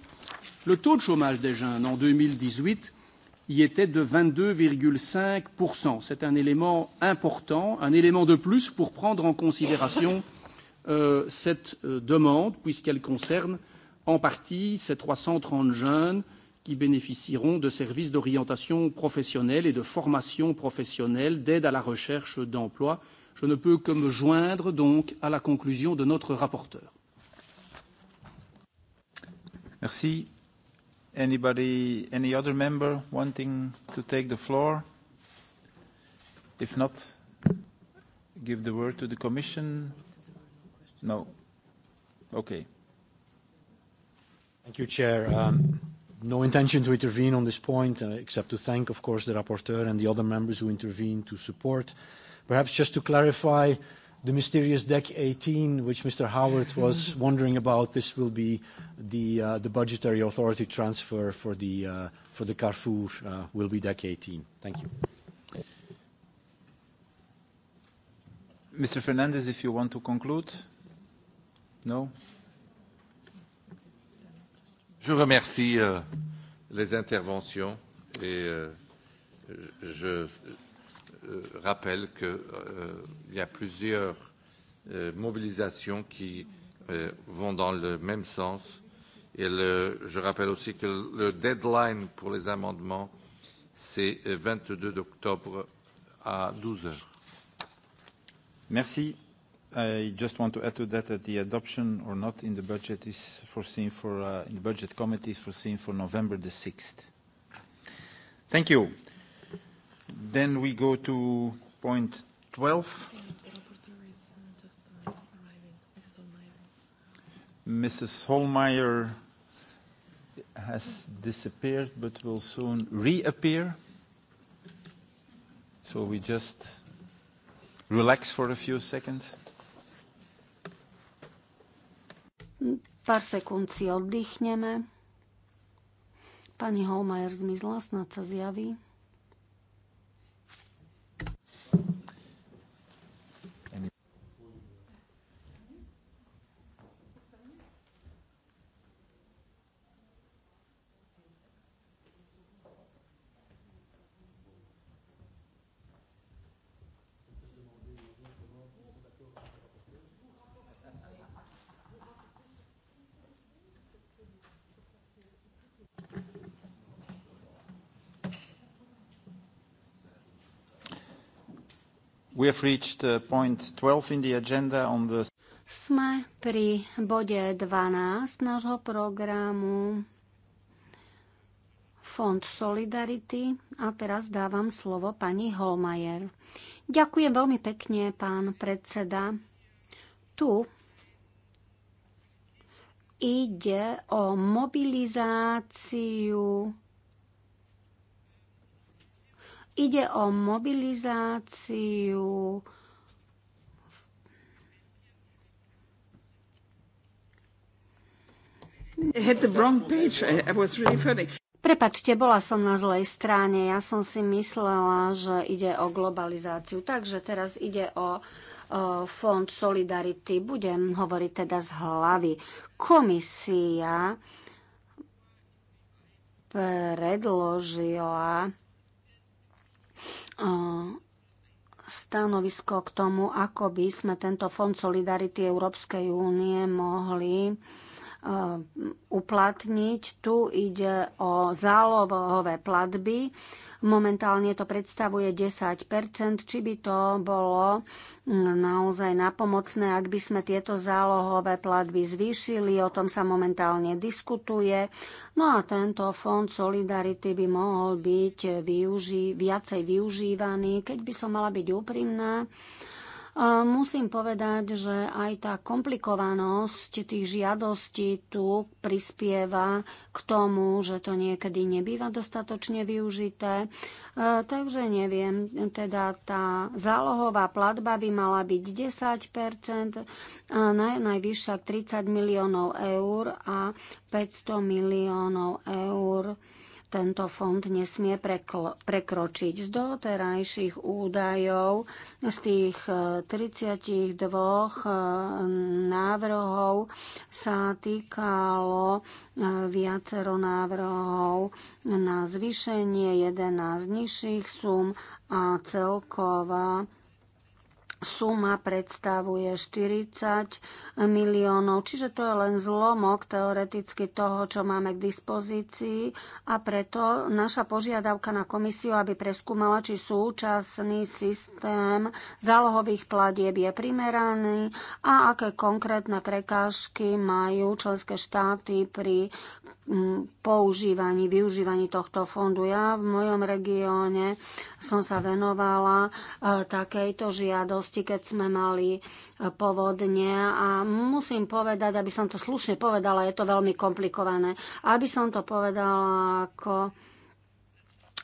le taux de chômage des jeunes en 2018 y était de 22,5%. C'est un élément important, un élément de plus pour prendre en considération euh, cette euh, demande, puisqu'elle concerne en partie ces 330 jeunes qui bénéficieront de services d'orientation professionnelle et de formation professionnelle, d'aide à la recherche d'emploi. Je ne peux que me joindre donc à la conclusion de notre rapporteur. Merci. Anybody, any other member wanting to take the floor? If not, give the word to the Commission. No. Okay. Thank you, Chair. Um, no intention to intervene on this point, uh, except to thank, of course, the rapporteur and the other members who intervened to support. Perhaps just to clarify, the mysterious deck 18, which Mr. Howard was (laughs) wondering about, this will be the, uh, the budgetary authority transfer for the, uh, for the Carrefour, uh, will be deck 18. Thank you. Mr. Fernandez, if you want to conclude? No? Je remercie euh, les interventions et euh, je euh, rappelle qu'il euh, y a plusieurs euh, mobilisations qui euh, vont dans le même sens. Et le, je rappelle aussi que le deadline pour les amendements, c'est 22 euh, octobre à 12 heures. Merci. I just want to add to that that the adoption or not in the budget is foreseen for, uh, in the budget committee is foreseen for November the 6th. Thank you. Then we go to point 12. Mrs. Holmeyer has disappeared but will soon reappear. So we just relax for a few seconds. Pár sekúnd si oddychneme. Pani Holmajer zmizla, snad sa zjaví. We have reached uh, point 12 in the agenda on the... Sme pri bode 12 nášho programu Fond Solidarity a teraz dávam slovo pani Holmajer. Ďakujem veľmi pekne, pán predseda. Tu ide o mobilizáciu Ide o mobilizáciu Prepačte, bola som na zlej strane. Ja som si myslela, že ide o globalizáciu. Takže teraz ide o fond Solidarity. Budem hovoriť teda z hlavy. Komisia predložila stanovisko k tomu, ako by sme tento fond Solidarity Európskej únie mohli Eh, uplatniť. Tu ide o zálohové platby. Momentálne to predstavuje 10 či by to bolo mm, naozaj napomocné, ak by sme tieto zálohové platby zvýšili. O tom sa momentálne diskutuje. No a tento fond Solidarity by mohol byť využi- viacej využívaný. Keď by som mala byť úprimná, Musím povedať, že aj tá komplikovanosť tých žiadostí tu prispieva k tomu, že to niekedy nebýva dostatočne využité. E, takže neviem, teda tá zálohová platba by mala byť 10 najvyššia 30 miliónov eur a 500 miliónov eur tento fond nesmie prekročiť. Z doterajších údajov z tých 32 e, e, návrhov sa týkalo e, viacero návrhov na zvýšenie 11 nižších sum a celková suma predstavuje 40 miliónov, čiže to je len zlomok teoreticky toho, čo máme k dispozícii a preto naša požiadavka na komisiu, aby preskúmala, či súčasný systém zálohových platieb je primeraný a aké konkrétne prekážky majú členské štáty pri používaní, využívaní tohto fondu. Ja v mojom regióne som sa venovala e, takejto žiadosti, keď sme mali e, povodne a musím povedať, aby som to slušne povedala, je to veľmi komplikované. Aby som to povedala ako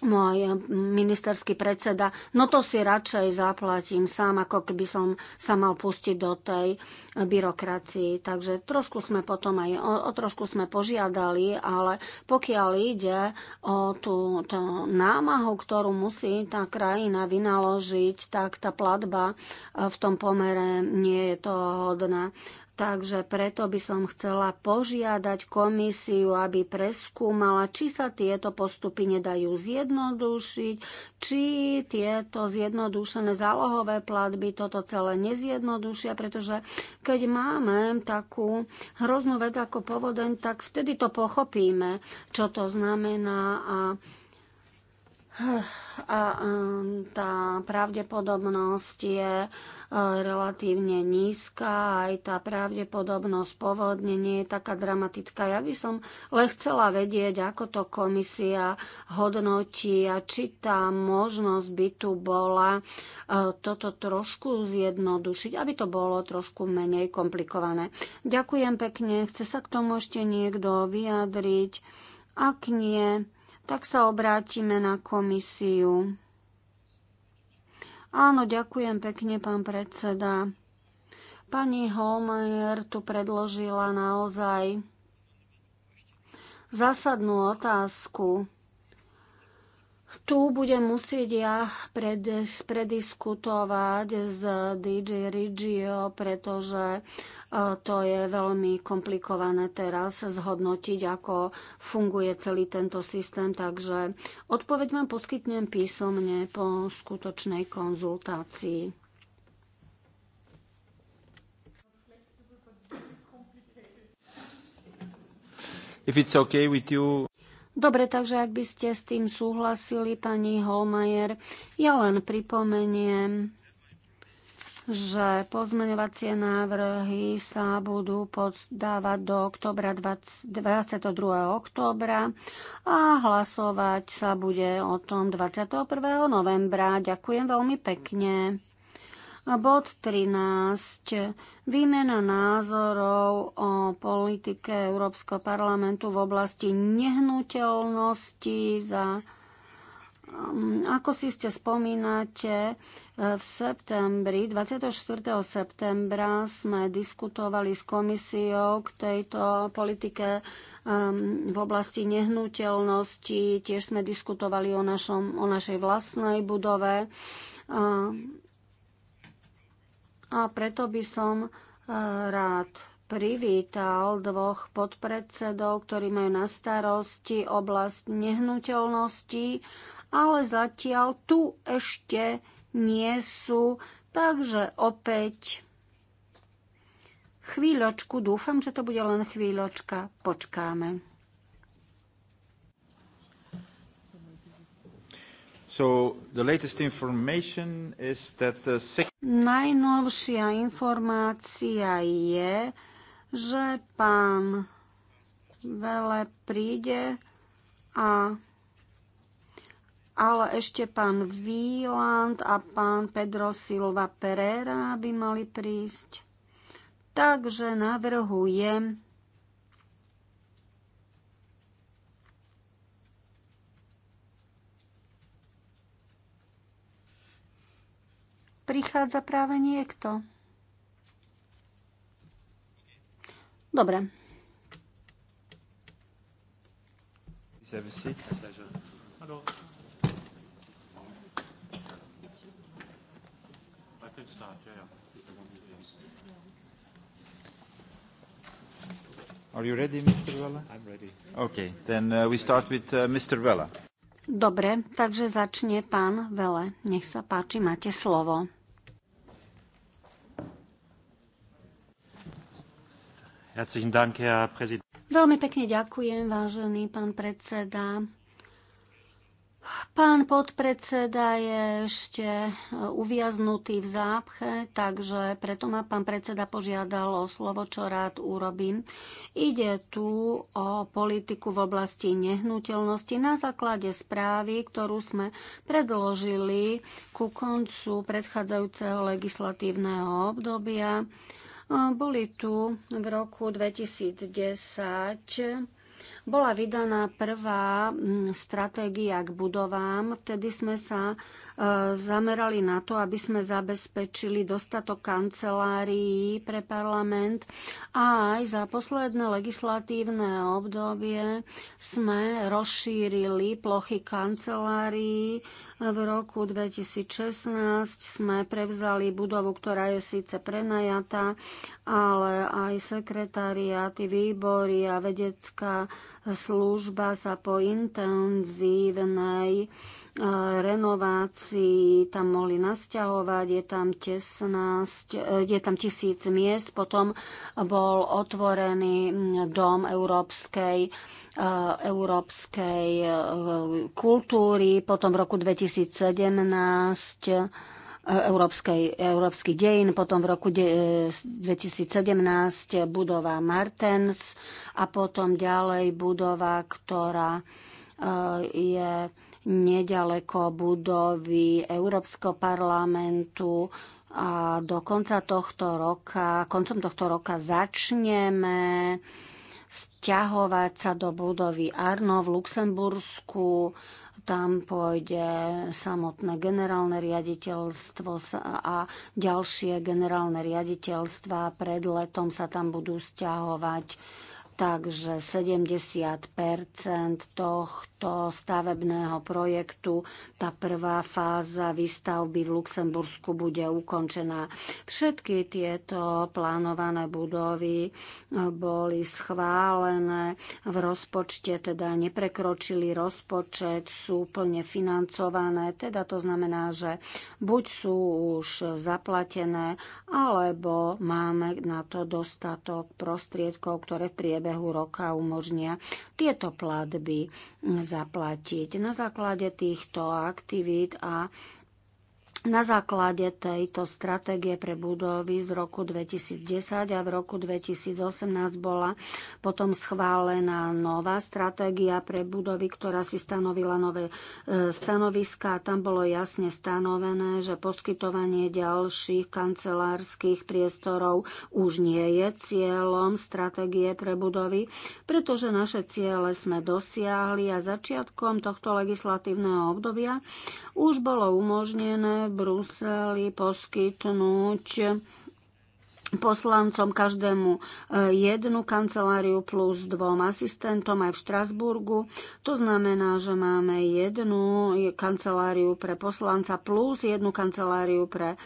môj ministerský predseda, no to si radšej zaplatím sám, ako keby som sa mal pustiť do tej byrokracii. Takže trošku sme potom aj, o, o trošku sme požiadali, ale pokiaľ ide o tú, tú námahu, ktorú musí tá krajina vynaložiť, tak tá platba v tom pomere nie je to hodná. Takže preto by som chcela požiadať komisiu, aby preskúmala, či sa tieto postupy nedajú zjednodušiť, či tieto zjednodušené zálohové platby toto celé nezjednodušia, pretože keď máme takú hroznú vec ako povodeň, tak vtedy to pochopíme, čo to znamená a a um, tá pravdepodobnosť je uh, relatívne nízka, aj tá pravdepodobnosť povodne nie je taká dramatická. Ja by som len chcela vedieť, ako to komisia hodnotí a či tá možnosť by tu bola uh, toto trošku zjednodušiť, aby to bolo trošku menej komplikované. Ďakujem pekne. Chce sa k tomu ešte niekto vyjadriť? Ak nie, tak sa obrátime na komisiu. Áno, ďakujem pekne, pán predseda. Pani Holmeier tu predložila naozaj zásadnú otázku. Tu budem musieť ja prediskutovať s DJ Rigio, pretože e, to je veľmi komplikované teraz zhodnotiť, ako funguje celý tento systém. Takže odpoveď vám poskytnem písomne po skutočnej konzultácii. If it's okay with you... Dobre, takže ak by ste s tým súhlasili, pani Holmajer, ja len pripomeniem, že pozmeňovacie návrhy sa budú poddávať do oktobra 20, 22. oktobra a hlasovať sa bude o tom 21. novembra. Ďakujem veľmi pekne. Bod 13. Výmena názorov o politike Európskeho parlamentu v oblasti nehnuteľnosti za um, ako si ste spomínate, eh, v septembri, 24. septembra sme diskutovali s komisiou k tejto politike um, v oblasti nehnuteľnosti. Tiež sme diskutovali o, našom, o našej vlastnej budove a preto by som e, rád privítal dvoch podpredsedov, ktorí majú na starosti oblasť nehnuteľnosti. ale zatiaľ tu ešte nie sú, takže opäť chvíľočku, dúfam, že to bude len chvíľočka, počkáme. So the latest information is that the... Najnovšia informácia je, že pán Vele príde a ale ešte pán Wieland a pán Pedro Silva Pereira by mali prísť. Takže navrhujem, prichádza práve niekto. Dobre. Are you ready, Mr. Vela? I'm ready. Okay, then uh, we start with uh, Mr. Vela. Dobre, takže začne pán Vele. Nech sa páči, máte slovo. Veľmi pekne ďakujem, vážený pán predseda. Pán podpredseda je ešte uviaznutý v zápche, takže preto ma pán predseda požiadal o slovo, čo rád urobím. Ide tu o politiku v oblasti nehnuteľnosti na základe správy, ktorú sme predložili ku koncu predchádzajúceho legislatívneho obdobia. Boli tu v roku 2010 bola vydaná prvá mm, stratégia k budovám. Vtedy sme sa e, zamerali na to, aby sme zabezpečili dostatok kancelárií pre parlament a aj za posledné legislatívne obdobie sme rozšírili plochy kancelárií. V roku 2016 sme prevzali budovu, ktorá je síce prenajatá, ale aj sekretariáty, výbory a vedecká služba sa po intenzívnej e, renovácii tam mohli nasťahovať, je tam, tesná, e, je tam tisíc miest, potom bol otvorený dom európskej e, európskej kultúry, potom v roku 2017 európskej, európskych dejín, potom v roku 2017 e, budova Martens a potom ďalej budova, ktorá e, je nedaleko budovy Európskeho parlamentu a do konca tohto roka, koncom tohto roka začneme sťahovať sa do budovy Arno v Luxembursku tam pôjde samotné generálne riaditeľstvo a ďalšie generálne riaditeľstva. Pred letom sa tam budú stiahovať takže 70 tohto tohto stavebného projektu. Tá prvá fáza výstavby v Luxembursku bude ukončená. Všetky tieto plánované budovy boli schválené v rozpočte, teda neprekročili rozpočet, sú plne financované, teda to znamená, že buď sú už zaplatené, alebo máme na to dostatok prostriedkov, ktoré v priebehu roka umožnia tieto platby zaplatiť. Na základe týchto aktivít a na základe tejto stratégie pre budovy z roku 2010 a v roku 2018 bola potom schválená nová stratégia pre budovy, ktorá si stanovila nové e, stanoviska a tam bolo jasne stanovené, že poskytovanie ďalších kancelárskych priestorov už nie je cieľom stratégie pre budovy, pretože naše ciele sme dosiahli a začiatkom tohto legislatívneho obdobia už bolo umožnené Bruseli poskytnúť poslancom každému eh, jednu kanceláriu plus dvom asistentom aj v Štrasburgu. To znamená, že máme jednu kanceláriu pre poslanca plus jednu kanceláriu pre eh,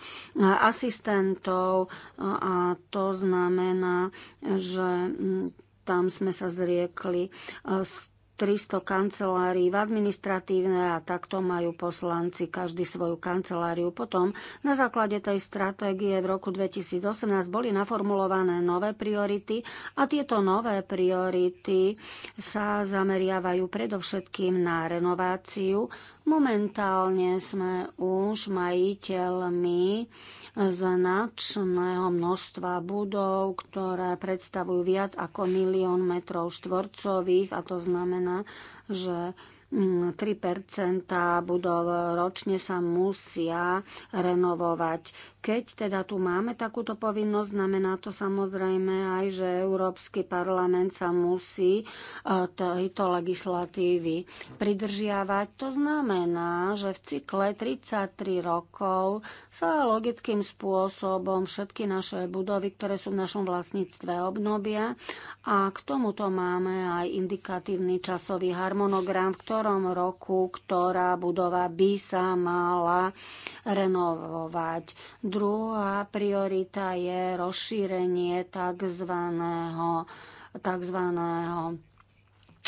asistentov a to znamená, že hm, tam sme sa zriekli z eh, 300 kancelárií v administratívne a takto majú poslanci každý svoju kanceláriu. Potom na základe tej stratégie v roku 2018 boli naformulované nové priority a tieto nové priority sa zameriavajú predovšetkým na renováciu Momentálne sme už majiteľmi značného množstva budov, ktoré predstavujú viac ako milión metrov štvorcových a to znamená, že 3 mm, budov ročne sa musia renovovať. Keď teda tu máme takúto povinnosť, znamená to samozrejme aj, že Európsky parlament sa musí e, tejto legislatívy pridržiavať. To znamená, že v cykle 33 rokov sa logickým spôsobom všetky naše budovy, ktoré sú v našom vlastníctve, obnovia a k tomuto máme aj indikatívny časový harmonogram, v ktorom roku ktorá budova by sa mala renovovať. Druhá priorita je rozšírenie takzvaného, takzvaného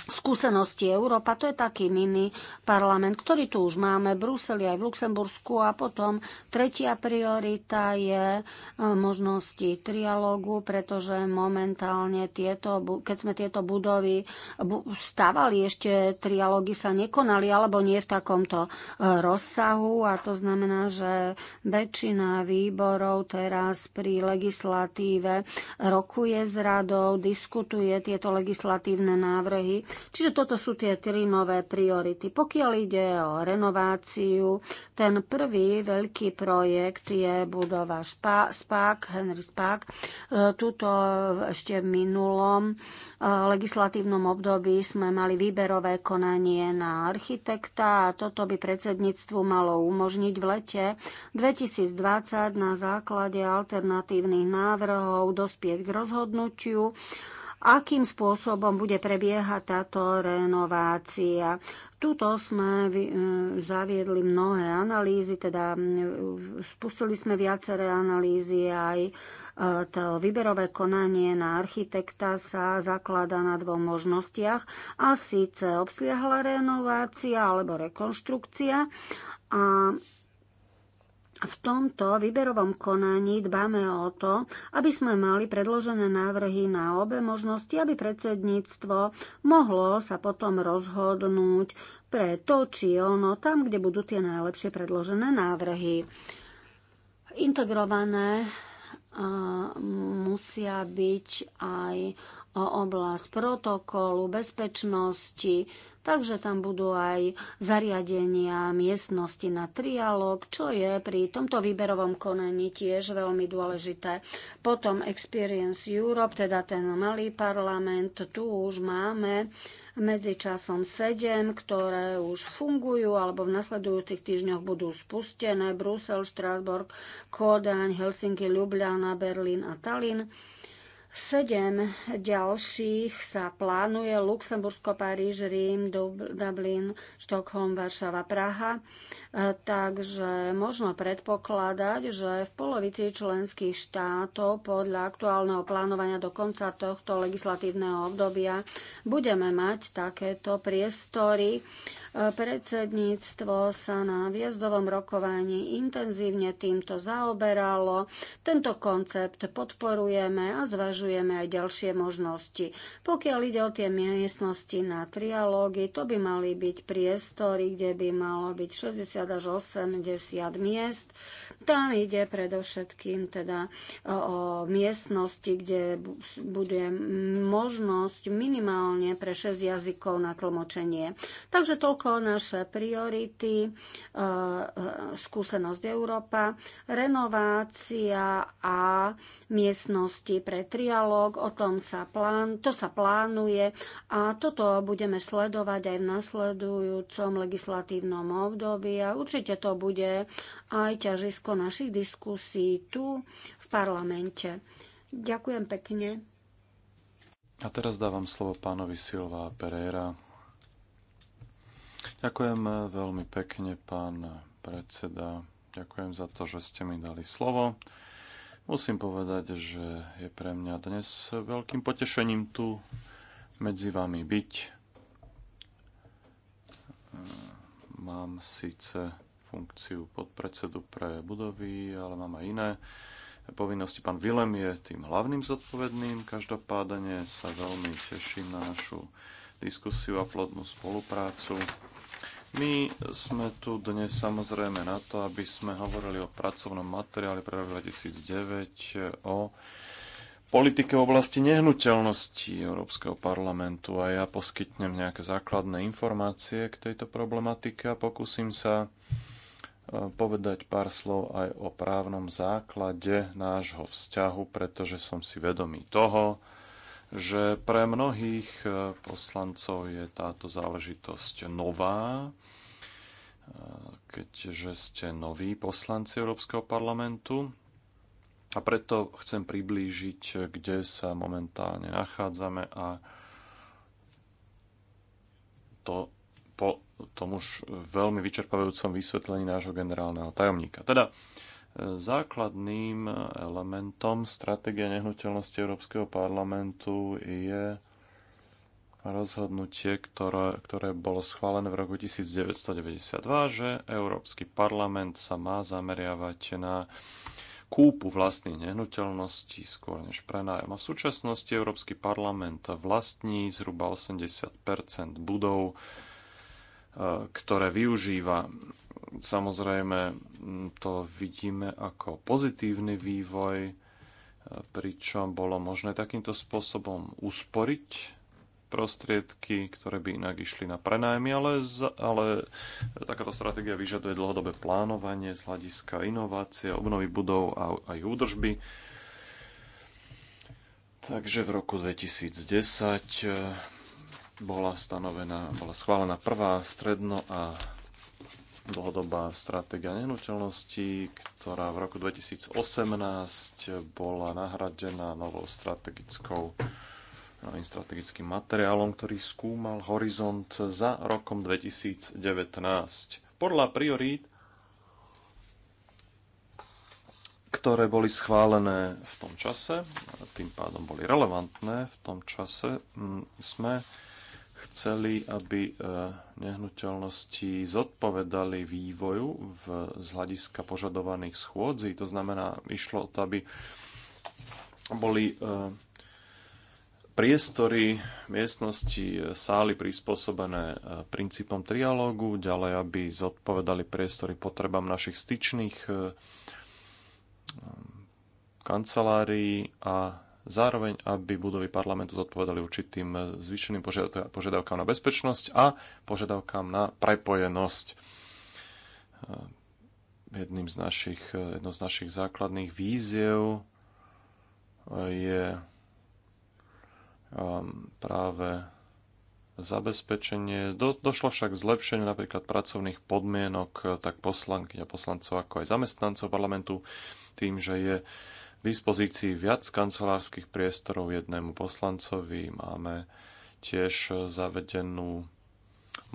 skúsenosti Európa. To je taký mini parlament, ktorý tu už máme v Bruseli aj v Luxembursku. A potom tretia priorita je e, možnosti trialógu, pretože momentálne tieto, keď sme tieto budovy stavali, ešte trialógy sa nekonali alebo nie v takomto e, rozsahu. A to znamená, že väčšina výborov teraz pri legislatíve rokuje s radou, diskutuje tieto legislatívne návrhy Čiže toto sú tie tri nové priority. Pokiaľ ide o renováciu, ten prvý veľký projekt je budova Špa, Henry Spák. E, tuto ešte v minulom e, legislatívnom období sme mali výberové konanie na architekta a toto by predsedníctvu malo umožniť v lete 2020 na základe alternatívnych návrhov dospieť k rozhodnutiu akým spôsobom bude prebiehať táto renovácia. Tuto sme e, zaviedli mnohé analýzy, teda spustili sme viaceré analýzy aj e, to výberové konanie na architekta sa zaklada na dvoch možnostiach a síce obsiahla renovácia alebo rekonštrukcia a v tomto výberovom konaní dbáme o to, aby sme mali predložené návrhy na obe možnosti, aby predsedníctvo mohlo sa potom rozhodnúť pre to či ono tam, kde budú tie najlepšie predložené návrhy. Integrované musia byť aj oblasť protokolu, bezpečnosti, takže tam budú aj zariadenia, miestnosti na trialog, čo je pri tomto výberovom konaní tiež veľmi dôležité. Potom Experience Europe, teda ten malý parlament, tu už máme medzičasom 7, ktoré už fungujú alebo v nasledujúcich týždňoch budú spustené. Brusel, Štrásburg, Kodaň, Helsinki, Ljubljana, Berlín a Tallinn. Sedem ďalších sa plánuje Luxembursko, Paríž, Rím, Dublin, Štokholm, Varšava, Praha. E, takže možno predpokladať, že v polovici členských štátov podľa aktuálneho plánovania do konca tohto legislatívneho obdobia budeme mať takéto priestory. E, predsedníctvo sa na viezdovom rokovaní intenzívne týmto zaoberalo. Tento koncept podporujeme a zvažujeme zvažujeme aj ďalšie možnosti. Pokiaľ ide o tie miestnosti na trialógy, to by mali byť priestory, kde by malo byť 60 až 80 miest. Tam ide predovšetkým teda o miestnosti, kde bude možnosť minimálne pre 6 jazykov na tlmočenie. Takže toľko naše priority, e, e, skúsenosť Európa, renovácia a miestnosti pre trialógy dialog, o tom sa plán, to sa plánuje a toto budeme sledovať aj v nasledujúcom legislatívnom období a určite to bude aj ťažisko našich diskusí tu v parlamente. Ďakujem pekne. A teraz dávam slovo pánovi Silva Pereira. Ďakujem veľmi pekne, pán predseda. Ďakujem za to, že ste mi dali slovo. Musím povedať, že je pre mňa dnes veľkým potešením tu medzi vami byť. Mm, mám síce funkciu podpredsedu pre budovy, ale mám aj iné povinnosti. Pán Vilem je tým hlavným zodpovedným. Každopádne sa veľmi teším na našu diskusiu a plodnú spoluprácu. My sme tu dnes samozrejme na to, aby sme hovorili o pracovnom materiáli pre rok 2009, o politike v oblasti nehnuteľnosti Európskeho parlamentu a ja poskytnem nejaké základné informácie k tejto problematike a pokúsim sa e, povedať pár slov aj o právnom základe nášho vzťahu, pretože som si vedomý toho, že pre mnohých eh, poslancov je táto záležitosť nová. Eh, keďže ste noví poslanci Európskeho parlamentu, a preto chcem priblížiť, kde sa momentálne nachádzame a to po tom už veľmi vyčerpávajúcom vysvetlení nášho generálneho tajomníka. Teda Základným elementom stratégie nehnuteľnosti Európskeho parlamentu je rozhodnutie, ktoré, ktoré bolo schválené v roku 1992, že Európsky parlament sa má zameriavať na kúpu vlastných nehnuteľností skôr než prenájom. A v súčasnosti Európsky parlament vlastní zhruba 80 budov, e, ktoré využíva Samozrejme, mm, to vidíme ako pozitívny vývoj, e, pričom bolo možné takýmto spôsobom usporiť prostriedky, ktoré by inak išli na prenajmy, ale, ale takáto stratégia vyžaduje dlhodobé plánovanie z hľadiska inovácie, obnovy budov a aj údržby. Takže v roku 2010 e, bola stanovená, bola schválená prvá stredno a dlhodobá stratégia nehnuteľností, ktorá v roku 2018 bola nahradená novou strategickou novým strategickým materiálom, ktorý skúmal horizont za rokom 2019. Podľa priorít, ktoré boli schválené v tom čase, tým pádom boli relevantné v tom čase, sme chceli, aby e, nehnuteľnosti zodpovedali vývoju v, z hľadiska požadovaných schôdzí. To znamená, išlo o to, aby boli e, priestory miestnosti e, sály prispôsobené princípom trialógu, ďalej, aby zodpovedali priestory potrebám našich styčných kancelárií a zároveň aby budovy parlamentu zodpovedali určitým eh, zvýšeným požiadavkám na bezpečnosť a požiadavkám na prepojenosť. Eh, Jedným z našich, eh, jedno z našich základných víziev je ehm, práve zabezpečenie. Do, došlo však k zlepšeniu napríklad pracovných podmienok tak poslanky a poslancov, ako aj zamestnancov parlamentu, tým, že je v dispozícii viac kancelárskych priestorov jednému poslancovi. Máme tiež zavedenú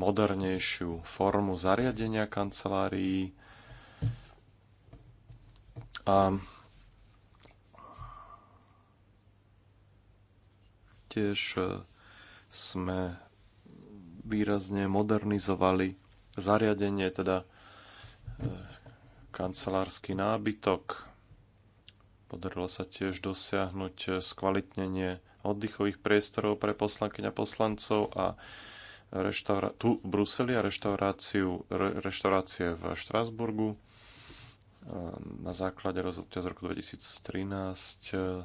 modernejšiu formu zariadenia kancelárií. A tiež e, sme výrazne modernizovali zariadenie, teda e, kancelársky nábytok, Podarilo sa tiež dosiahnuť eh, skvalitnenie oddychových priestorov pre poslankyň a poslancov a reštaura- tu v Bruseli a reštauráciu, re, reštaurácie v Štrásburgu. Eh, na základe rozhodnutia z roku 2013 eh,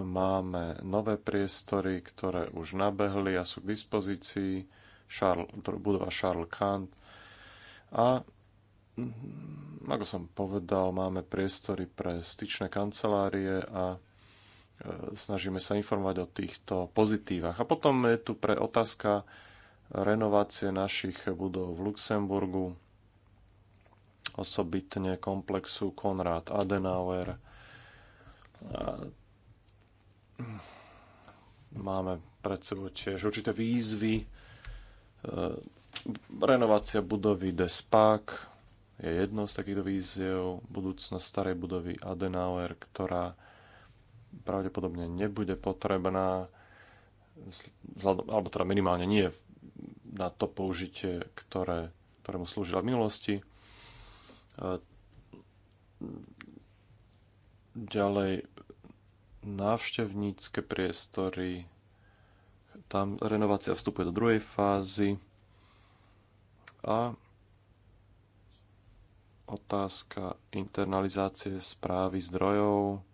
máme nové priestory, ktoré už nabehli a sú k dispozícii. Charles, budova Charles Kant A ako som povedal, máme priestory pre styčné kancelárie a e, snažíme sa informovať o týchto pozitívach. A potom je tu pre otázka renovácie našich budov v Luxemburgu, osobitne komplexu Konrad Adenauer. Máme pred sebou tiež určité výzvy, e, renovácia budovy Despak, je jednou z takýchto víziev budúcnosť starej budovy Adenauer, ktorá pravdepodobne nebude potrebná, alebo teda minimálne nie na to použitie, ktoré, ktorému slúžila v minulosti. E, ďalej, návštevnícke priestory, tam renovácia vstupuje do druhej fázy a otázka internalizácie správy zdrojov,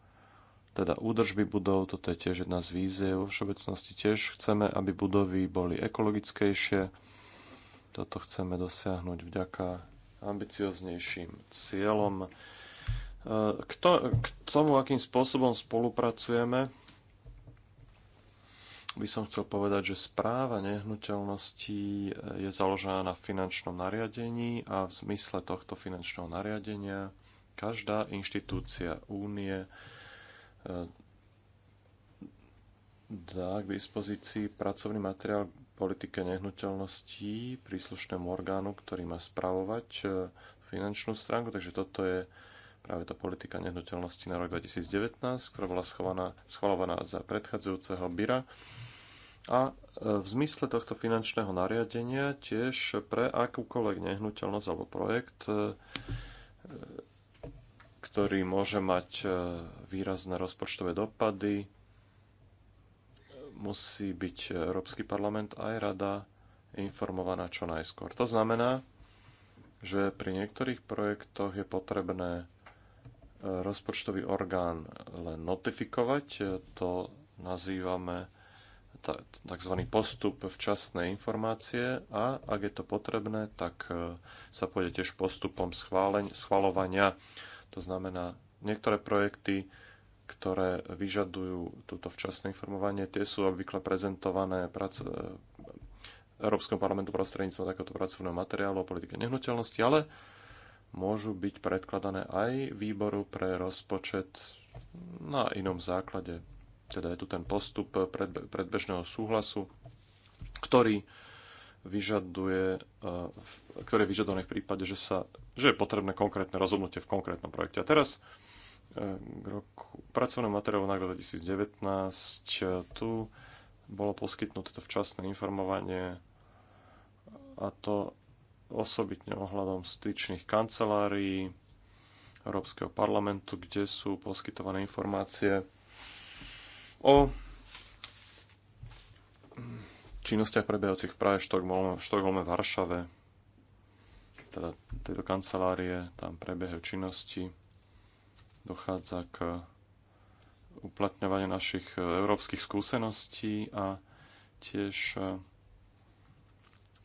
teda údržby budov, toto je tiež jedna z vízie Vo všeobecnosti tiež chceme, aby budovy boli ekologickejšie. Toto chceme dosiahnuť vďaka ambicioznejším cieľom. E, k, tomu, akým spôsobom spolupracujeme, by som chcel povedať, že správa nehnuteľností eh, je založená na finančnom nariadení a v zmysle tohto finančného nariadenia každá inštitúcia únie eh, dá k dispozícii pracovný materiál politike nehnuteľností príslušnému orgánu, ktorý má spravovať eh, finančnú stránku. Takže toto je práve tá politika nehnuteľnosti na rok 2019, ktorá bola schovaná, schvalovaná za predchádzajúceho byra. A e, v zmysle tohto finančného nariadenia tiež pre akúkoľvek nehnuteľnosť alebo projekt, e, e, ktorý môže mať výrazné rozpočtové dopady, musí byť Európsky parlament aj rada informovaná čo najskôr. To znamená, že pri niektorých projektoch je potrebné rozpočtový orgán len notifikovať, to nazývame tzv. postup včasnej informácie a ak je to potrebné, tak e, sa pôjde tiež postupom schváleň, schvalovania. To znamená, niektoré projekty, ktoré vyžadujú túto včasné informovanie, tie sú obvykle prezentované prac- e, Európskom parlamentu prostredníctvom takéhoto pracovného materiálu o politike nehnuteľnosti, ale môžu byť predkladané aj výboru pre rozpočet na inom základe. Teda je tu ten postup predbežného súhlasu, ktorý vyžaduje, e, ktoré je vyžadované v prípade, že, sa, že je potrebné konkrétne rozhodnutie v konkrétnom projekte. A teraz e, k roku pracovného materiálu na 2019 e, tu bolo poskytnuté to včasné informovanie a to osobitne ohľadom styčných kancelárií Európskeho parlamentu, kde sú poskytované informácie o činnostiach prebiehajúcich v Prahe, Štokholme, Varšave. Teda tejto kancelárie, tam prebiehajú činnosti, dochádza k uplatňovaniu našich európskych skúseností a tiež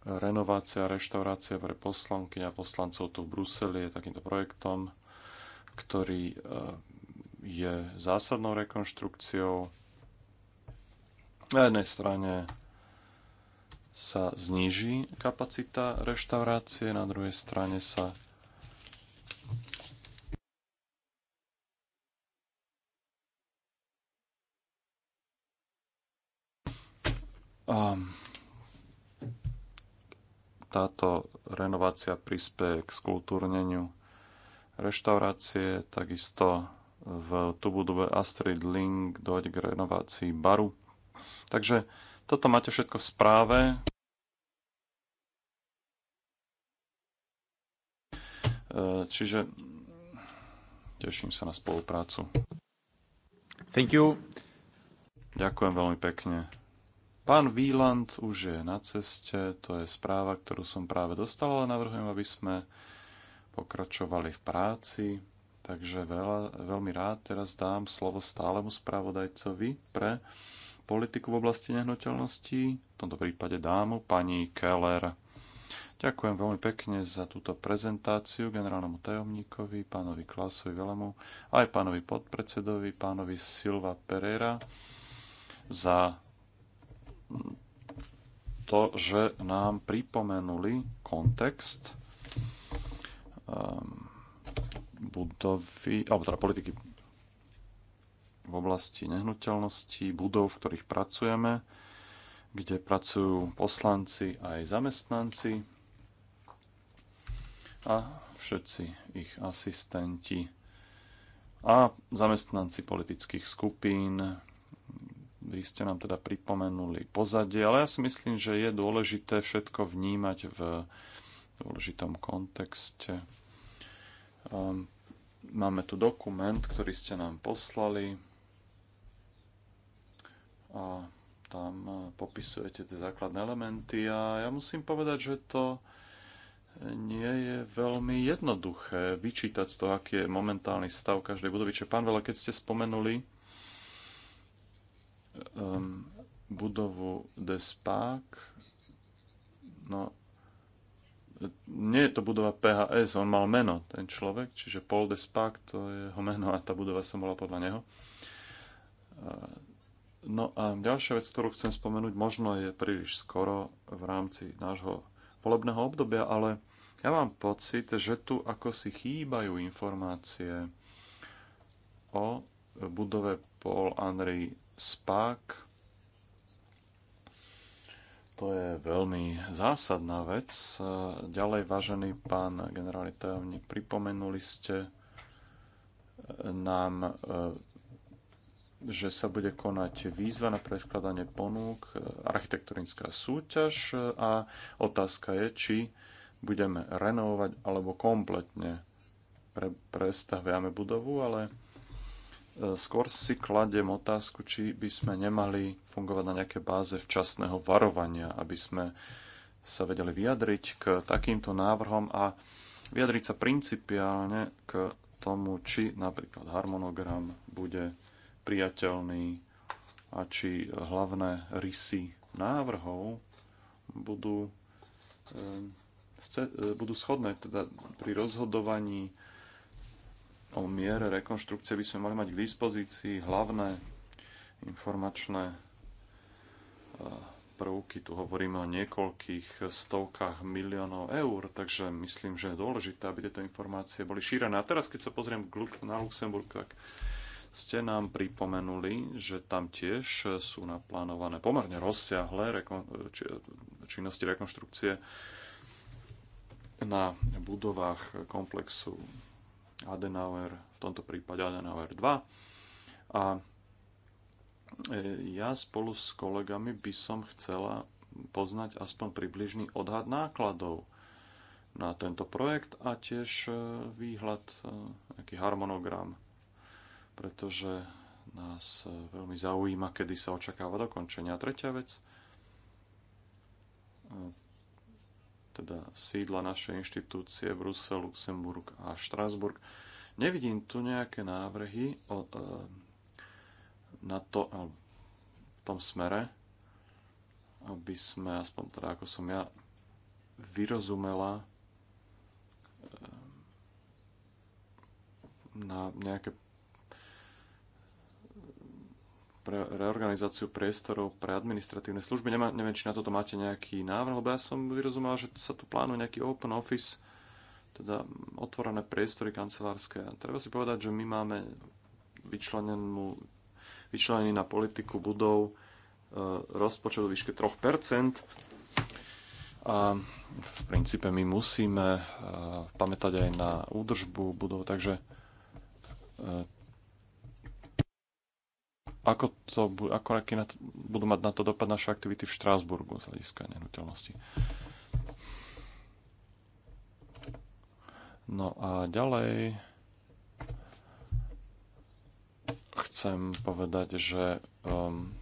Renovácia a reštaurácia pre poslanky a poslancov tu v Bruseli je takýmto projektom, ktorý e, je zásadnou rekonštrukciou. Na jednej strane sa zníži kapacita reštaurácie, na druhej strane sa um, táto renovácia prispieje k skultúrneniu reštaurácie, takisto v tu budove Astrid Link dojde k renovácii baru. Takže toto máte všetko v správe. E, čiže teším sa na spoluprácu. Thank you. Ďakujem veľmi pekne. Pán Výland už je na ceste, to je správa, ktorú som práve dostal, ale navrhujem, aby sme pokračovali v práci. Takže veľa, veľmi rád teraz dám slovo stálemu spravodajcovi pre politiku v oblasti nehnuteľností, v tomto prípade dámu, pani Keller. Ďakujem veľmi pekne za túto prezentáciu generálnomu tajomníkovi, pánovi Klausovi Velemu, aj pánovi podpredsedovi, pánovi Silva Pereira za to, že nám pripomenuli kontext ehm, budovy, alebo teda politiky v oblasti nehnuteľnosti, budov, v ktorých pracujeme, kde pracujú poslanci aj zamestnanci a všetci ich asistenti a zamestnanci politických skupín, vy ste nám teda pripomenuli pozadie, ale ja si myslím, že je dôležité všetko vnímať v dôležitom kontexte. Ehm, máme tu dokument, ktorý ste nám poslali a tam popisujete tie základné elementy a ja musím povedať, že to nie je veľmi jednoduché vyčítať z toho, aký je momentálny stav každej budovy. Čiže pán Vela, keď ste spomenuli um, budovu Despák. No, nie je to budova PHS, on mal meno, ten človek, čiže Paul Despák, to je jeho meno a tá budova sa volá podľa neho. Uh, no a ďalšia vec, ktorú chcem spomenúť, možno je príliš skoro v rámci nášho volebného obdobia, ale ja mám pocit, že tu ako si chýbajú informácie o budove Paul Henry spák. To je veľmi zásadná vec. Ďalej, vážený pán generálny tajomník, pripomenuli ste eh, nám, eh, že sa bude konať výzva na predkladanie ponúk, eh, architektonická súťaž a otázka je, či budeme renovovať alebo kompletne pre, budovu, ale E, skôr si kladiem otázku, či by sme nemali fungovať na nejaké báze včasného varovania, aby sme sa vedeli vyjadriť k takýmto návrhom a vyjadriť sa principiálne k tomu, či napríklad harmonogram bude priateľný a či hlavné rysy návrhov budú, e, e, budú schodné teda pri rozhodovaní o miere rekonštrukcie by sme mali mať k dispozícii hlavné informačné e, prvky. Tu hovoríme o niekoľkých stovkách miliónov eur, takže myslím, že je dôležité, aby tieto informácie boli šírené. A teraz, keď sa pozriem na Luxemburg, tak ste nám pripomenuli, že tam tiež sú naplánované pomerne rozsiahle rekon- činnosti rekonštrukcie na budovách komplexu Adenauer, v tomto prípade Adenauer 2. A e, ja spolu s kolegami by som chcela poznať aspoň približný odhad nákladov na tento projekt a tiež e, výhľad, e, nejaký harmonogram, pretože nás veľmi zaujíma, kedy sa očakáva dokončenie. A tretia vec, teda sídla naše inštitúcie Brusel, Luxemburg a Štrásburg. Nevidím tu nejaké návrhy o, e, na to, o, v tom smere, aby sme, aspoň teda ako som ja vyrozumela, e, na nejaké pre reorganizáciu priestorov pre administratívne služby. Nemá, neviem, či na toto máte nejaký návrh, lebo ja som vyrozumel, že sa tu plánuje nejaký open office, teda otvorené priestory kancelárske. A treba si povedať, že my máme vyčlenenú, vyčlenený na politiku budov e, rozpočet o výške 3%. A v princípe my musíme e, pamätať aj na údržbu budov, takže e, ako, to, ako aký na to, budú mať na to dopad naše aktivity v Štrásburgu z hľadiska nehnuteľnosti. No a ďalej chcem povedať, že um,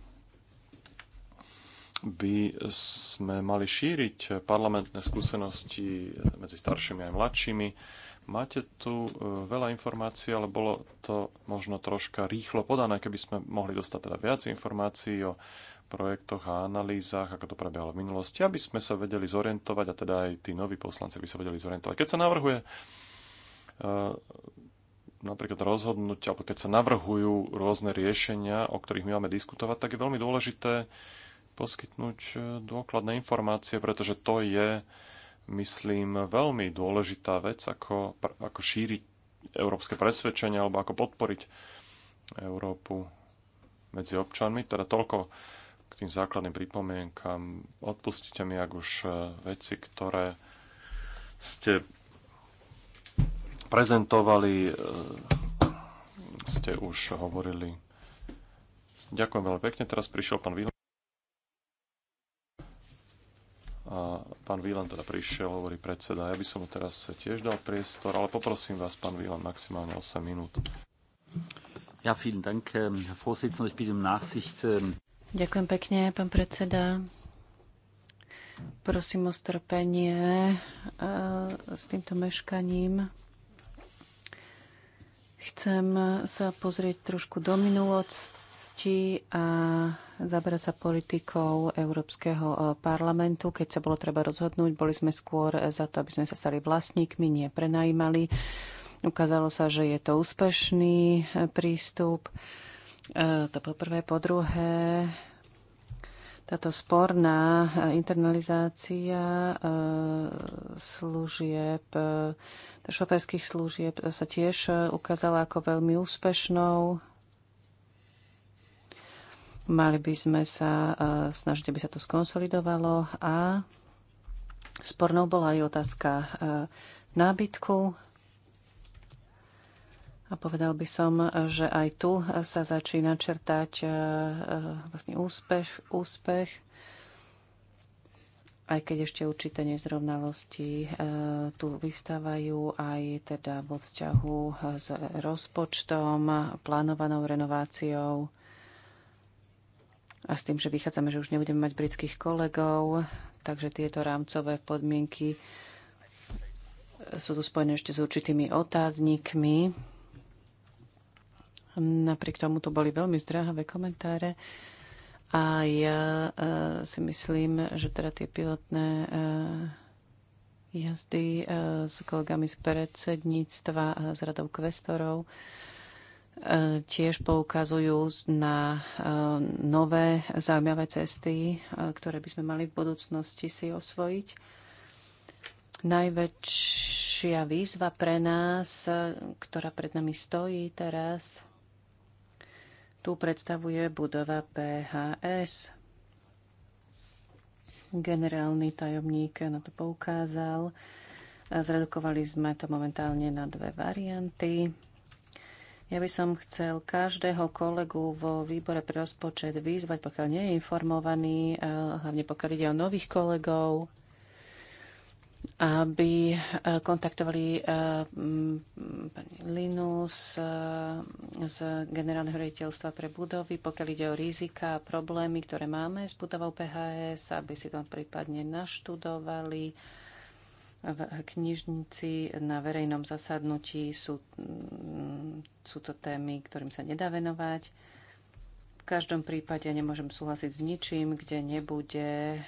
by sme mali šíriť parlamentné skúsenosti medzi staršími a mladšími Máte tu e, veľa informácií, ale bolo to možno troška rýchlo podané, keby sme mohli dostať teda viac informácií o projektoch a analýzach, ako to prebiehalo v minulosti, aby sme sa vedeli zorientovať a teda aj tí noví poslanci by sa vedeli zorientovať. Keď sa navrhuje e, napríklad rozhodnutia, alebo keď sa navrhujú rôzne riešenia, o ktorých my máme diskutovať, tak je veľmi dôležité poskytnúť e, dôkladné informácie, pretože to je myslím, veľmi dôležitá vec, ako, ako šíriť európske presvedčenie alebo ako podporiť Európu medzi občanmi. Teda toľko k tým základným pripomienkam. Odpustite mi, ak už e, veci, ktoré ste prezentovali, e, ste už hovorili. Ďakujem veľmi pekne. Teraz prišiel pán Výhľad. A pán Výlan teda prišiel, hovorí predseda. Ja by som mu teraz tiež dal priestor, ale poprosím vás, pán Výlan, maximálne 8 minút. Ja, vielen Dank, ähm, Herr Vorsitzender. Ich bitte um Nachsicht. Ähm. Ďakujem pekne, pán predseda. Prosím o strpenie äh, s týmto meškaním. Chcem sa pozrieť trošku do minulosti a Zabera sa politikou Európskeho e, parlamentu. Keď sa bolo treba rozhodnúť, boli sme skôr za to, aby sme sa stali vlastníkmi, nie prenajímali. Ukázalo sa, že je to úspešný e, prístup. E, to po prvé. Po druhé, táto sporná internalizácia služieb, šoferských služieb sa tiež ukázala ako veľmi úspešnou Mali by sme sa e, snažiť, aby sa to skonsolidovalo a spornou bola aj otázka e, nábytku. A povedal by som, že aj tu sa začína čertať e, vlastne úspech, úspech aj keď ešte určité nezrovnalosti uh, tu vystávajú aj teda vo vzťahu s rozpočtom, plánovanou renováciou a s tým, že vychádzame, že už nebudeme mať britských kolegov, takže tieto rámcové podmienky sú tu spojené ešte s určitými otáznikmi. Napriek tomu to boli veľmi zdráhavé komentáre. A ja e, si myslím, že teda tie pilotné e, jazdy e, s kolegami z predsedníctva a e, s radou kvestorov e, E, tiež poukazujú na e, nové zaujímavé cesty, e, ktoré by sme mali v budúcnosti si osvojiť. Najväčšia výzva pre nás, ktorá pred nami stojí teraz, tu predstavuje budova PHS. Generálny tajomník na to poukázal. Zredukovali sme to momentálne na dve varianty ja by som chcel každého kolegu vo výbore pre rozpočet vyzvať, pokiaľ nie je informovaný, hlavne pokiaľ ide o nových kolegov, aby e, kontaktovali e, pani Linus e, z generálneho riaditeľstva pre budovy, pokiaľ ide o rizika a problémy, ktoré máme s budovou PHS, aby si to prípadne naštudovali v knižnici na verejnom zasadnutí sú, mm, sú to témy, ktorým sa nedá venovať. V každom prípade nemôžem súhlasiť s ničím, kde nebude e,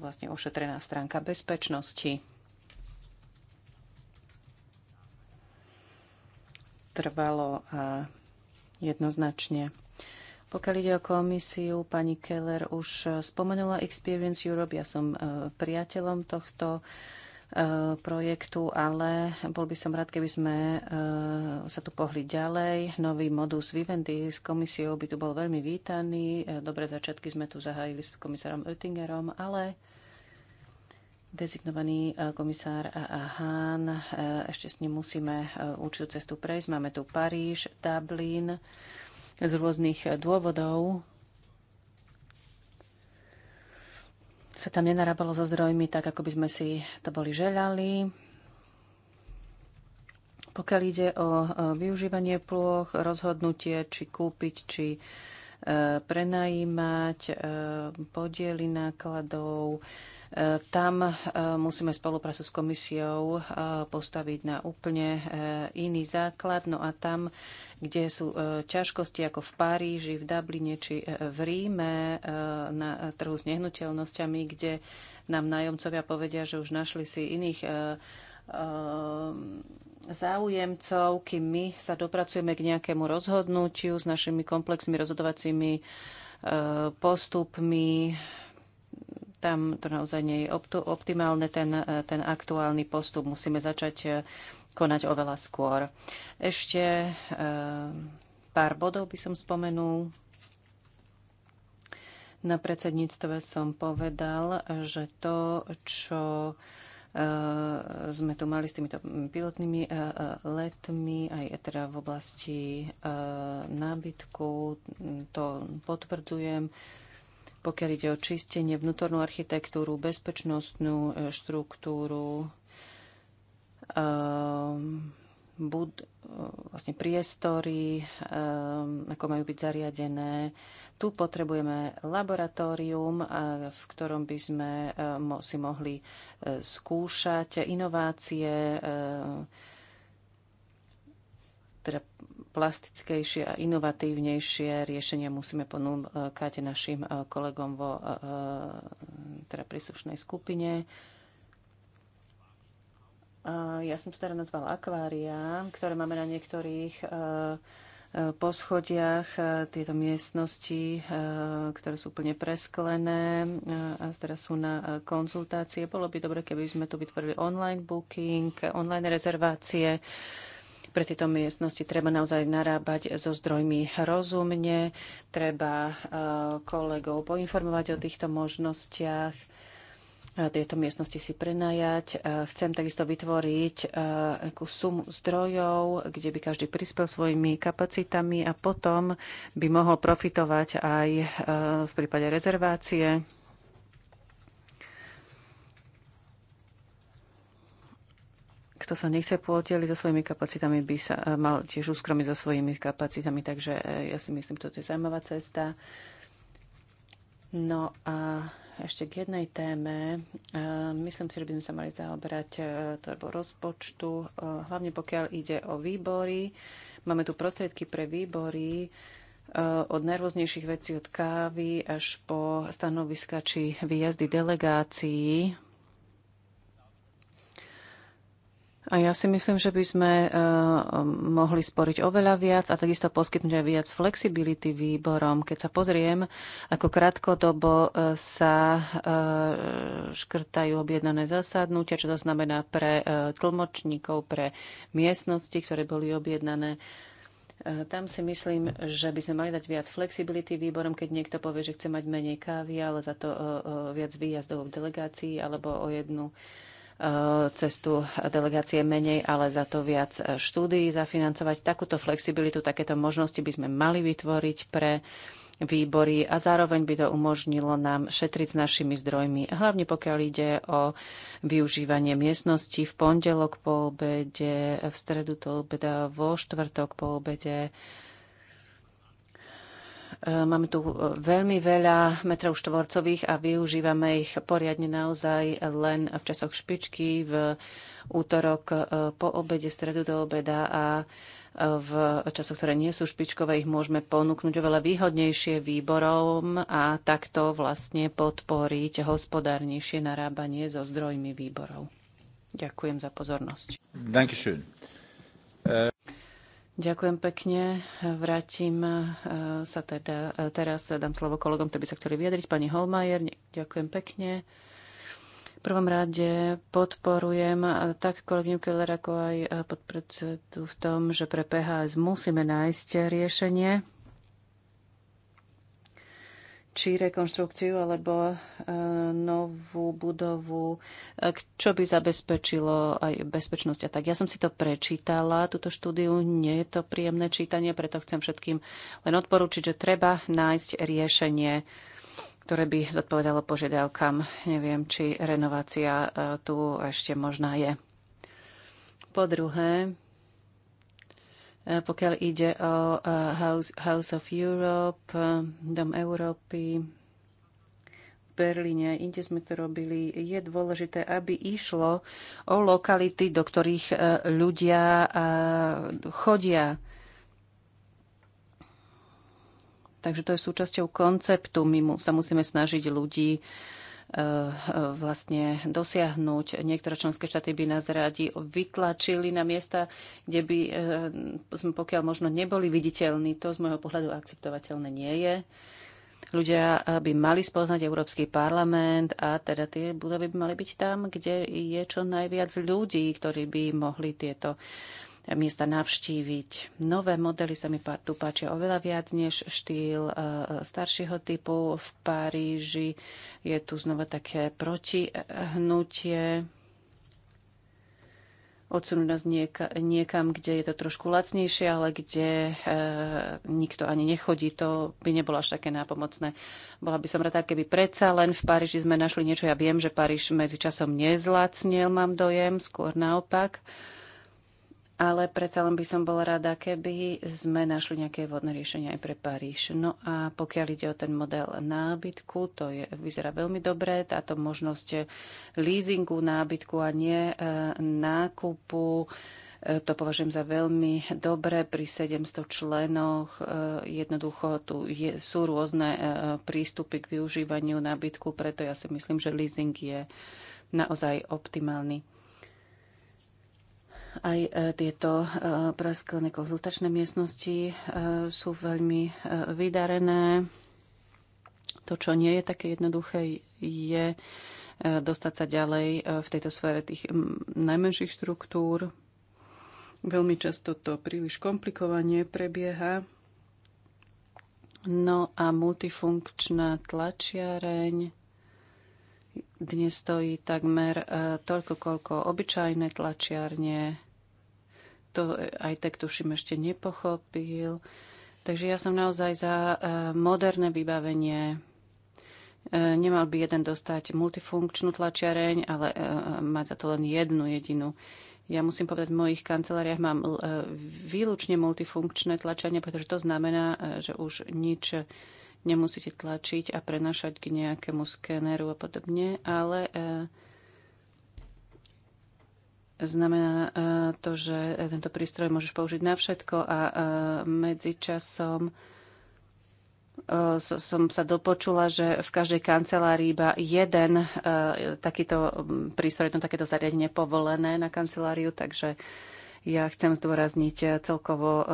vlastne ošetrená stránka bezpečnosti. Trvalo a jednoznačne. Pokiaľ ide o komisiu, pani Keller už e, spomenula Experience Europe. Ja som e, priateľom tohto e, projektu, ale bol by som rád, keby sme sa tu pohli ďalej. Nový modus vivendi s komisiou by tu bol veľmi vítaný. Dobré začiatky sme tu zahájili s komisárom Oettingerom, ale dezignovaný komisár Hahn, ešte s ním musíme určitú cestu prejsť. Máme tu Paríž, Dublin, z rôznych e, dôvodov sa tam nenarábalo so zdrojmi tak, ako by sme si to boli želali. Pokiaľ ide o e, využívanie plôch, rozhodnutie, či kúpiť, či E, prenajímať e, podiely nákladov. E, tam musíme spoluprácu s komisiou postaviť na úplne iný základ. No a tam, kde sú ťažkosti ako v Paríži, v Dubline či v Ríme na trhu s nehnuteľnosťami, kde nám nájomcovia povedia, že už našli si iných Ehm, záujemcov, kým my sa dopracujeme k nejakému rozhodnutiu s našimi komplexnými rozhodovacími e, postupmi. Tam to naozaj nie je optimálne, ten, e, ten aktuálny postup. Musíme začať e, konať oveľa skôr. Ešte pár bodov by som spomenul. Na predsedníctve som povedal, že to, čo sme tu mali s týmito pilotnými e, e, letmi, aj teda v oblasti e, nábytku, to potvrdzujem. Pokiaľ ide o čistenie, vnútornú architektúru, bezpečnostnú štruktúru, um, bud- e, vlastne priestory, e, ako majú byť zariadené. Tu potrebujeme laboratórium, e, v ktorom by sme si mohli skúšať inovácie, teda plastickejšie a inovatívnejšie riešenia musíme ponúkať našim kolegom vo teda príslušnej skupine ja som to teda nazval akvária, ktoré máme na niektorých e, e, poschodiach, e, tieto miestnosti, ktoré sú úplne presklené a teraz sú na konzultácie. Bolo by dobre, keby sme tu vytvorili online booking, online rezervácie. Pre tieto miestnosti treba naozaj narábať so zdrojmi rozumne, treba kolegov poinformovať o týchto možnostiach tieto miestnosti si prenajať. Chcem takisto vytvoriť nejakú sumu zdrojov, kde by každý prispel svojimi kapacitami a potom by mohol profitovať aj v prípade rezervácie. Kto sa nechce podeliť so svojimi kapacitami, by sa mal tiež uskromiť so svojimi kapacitami, takže e, ja si myslím, že toto je zaujímavá cesta. No a ešte k jednej téme. E, myslím si, že by sme sa mali zaoberať e, tvorbou rozpočtu, e, hlavne pokiaľ ide o výbory. Máme tu prostriedky pre výbory od najrôznejších vecí, od kávy až po stanoviska či výjazdy delegácií A ja si myslím, že by sme uh, mohli sporiť oveľa viac a takisto poskytnúť aj viac flexibility výborom. Keď sa pozriem, ako krátkodobo uh, sa uh, škrtajú objednané zasadnutia, čo to znamená pre tlmočníkov, pre miestnosti, ktoré boli objednané. Tam si myslím, že by sme mali dať viac flexibility výborom, keď niekto povie, že chce mať menej kávy, ale za to viac výjazdov v delegácii alebo o jednu Eh, cestu delegácie menej, ale za to viac eh, štúdií zafinancovať. Takúto flexibilitu, takéto možnosti by sme mali vytvoriť pre výbory a zároveň by to umožnilo nám šetriť s našimi zdrojmi, hlavne pokiaľ ide o využívanie miestnosti v pondelok po obede, v stredu to obeda, vo štvrtok po obede Eh, máme tu eh, veľmi veľa metrov štvorcových a využívame ich poriadne naozaj len v časoch špičky, v útorok eh, po obede, stredu do obeda a v časoch, ktoré nie sú špičkové, ich môžeme ponúknuť oveľa výhodnejšie výborom a takto vlastne podporiť hospodárnejšie narábanie so zdrojmi výborov. Ďakujem za pozornosť. Ďakujem. Uh... Ďakujem pekne. Vrátim e, sa teda, e, teraz dám slovo kolegom, ktorí by sa chceli vyjadriť. Pani Holmajer, ďakujem pekne. V prvom rade podporujem e, tak kolegyňu Keller, ako aj podpredsedu v tom, že pre PHS musíme nájsť riešenie či rekonštrukciu alebo e, novú budovu, e, čo by zabezpečilo aj bezpečnosť a tak. Ja som si to prečítala, túto štúdiu, nie je to príjemné čítanie, preto chcem všetkým len odporúčiť, že treba nájsť riešenie, ktoré by zodpovedalo požiadavkám. Neviem, či renovácia e, tu ešte možná je. Po druhé, Eh, pokiaľ ide o eh, House, House of Europe, eh, Dom Európy, v Berlíne, inde sme to robili, je dôležité, aby išlo o lokality, do ktorých ľudia chodia. Takže to je súčasťou konceptu. My sa musíme snažiť ľudí Eh, vlastne dosiahnuť. Niektoré členské štáty by nás radi vytlačili na miesta, kde by eh, sme pokiaľ možno neboli viditeľní. To z môjho pohľadu akceptovateľné nie je. Ľudia eh, by mali spoznať Európsky parlament a teda tie budovy by mali byť tam, kde je čo najviac ľudí, ktorí by mohli tieto miesta navštíviť. Nové modely sa mi tu páčia oveľa viac než štýl e, staršieho typu. V Paríži je tu znova také protihnutie odsunú nás nieka, niekam, kde je to trošku lacnejšie, ale kde e, nikto ani nechodí. To by nebolo až také nápomocné. Bola by som rada, keby predsa len v Paríži sme našli niečo. Ja viem, že Paríž medzi časom nezlacnil, mám dojem, skôr naopak. E, ale predsa len by som bola rada, keby sme našli nejaké vodné riešenie aj pre Paríž. No a pokiaľ ide o ten model nábytku, to je, vyzerá veľmi dobre, táto možnosť leasingu nábytku a nie e, nákupu, e, to považujem za veľmi dobre pri 700 členoch. E, jednoducho tu je, sú rôzne e, prístupy k využívaniu nábytku, preto ja si myslím, že leasing je naozaj optimálny. Aj e, tieto e, prasklené konzultačné miestnosti e, sú veľmi vydarené. To, čo nie je také jednoduché, je dostať sa ďalej v tejto sfére tých najmenších štruktúr. Veľmi často to príliš komplikovanie prebieha. No a multifunkčná tlačiareň dnes stojí takmer e, toľko, koľko obyčajné tlačiarne. To aj tak tuším ešte nepochopil. Takže ja som naozaj za e, moderné vybavenie. E, nemal by jeden dostať multifunkčnú tlačiareň, ale mať za to len jednu jedinu. Ja musím povedať, v mojich kanceláriách mám výlučne multifunkčné tlačenie, pretože to znamená, že už nič nemusíte tlačiť a prenašať k nejakému skéneru a podobne, ale e, znamená e, to, že tento prístroj môžeš použiť na všetko a e, medzičasom som sa dopočula, že v každej kancelárii iba jeden takýto prístroj, jedno takéto zariadenie povolené na kanceláriu, takže ja chcem zdôrazniť eh, celkovo, eh,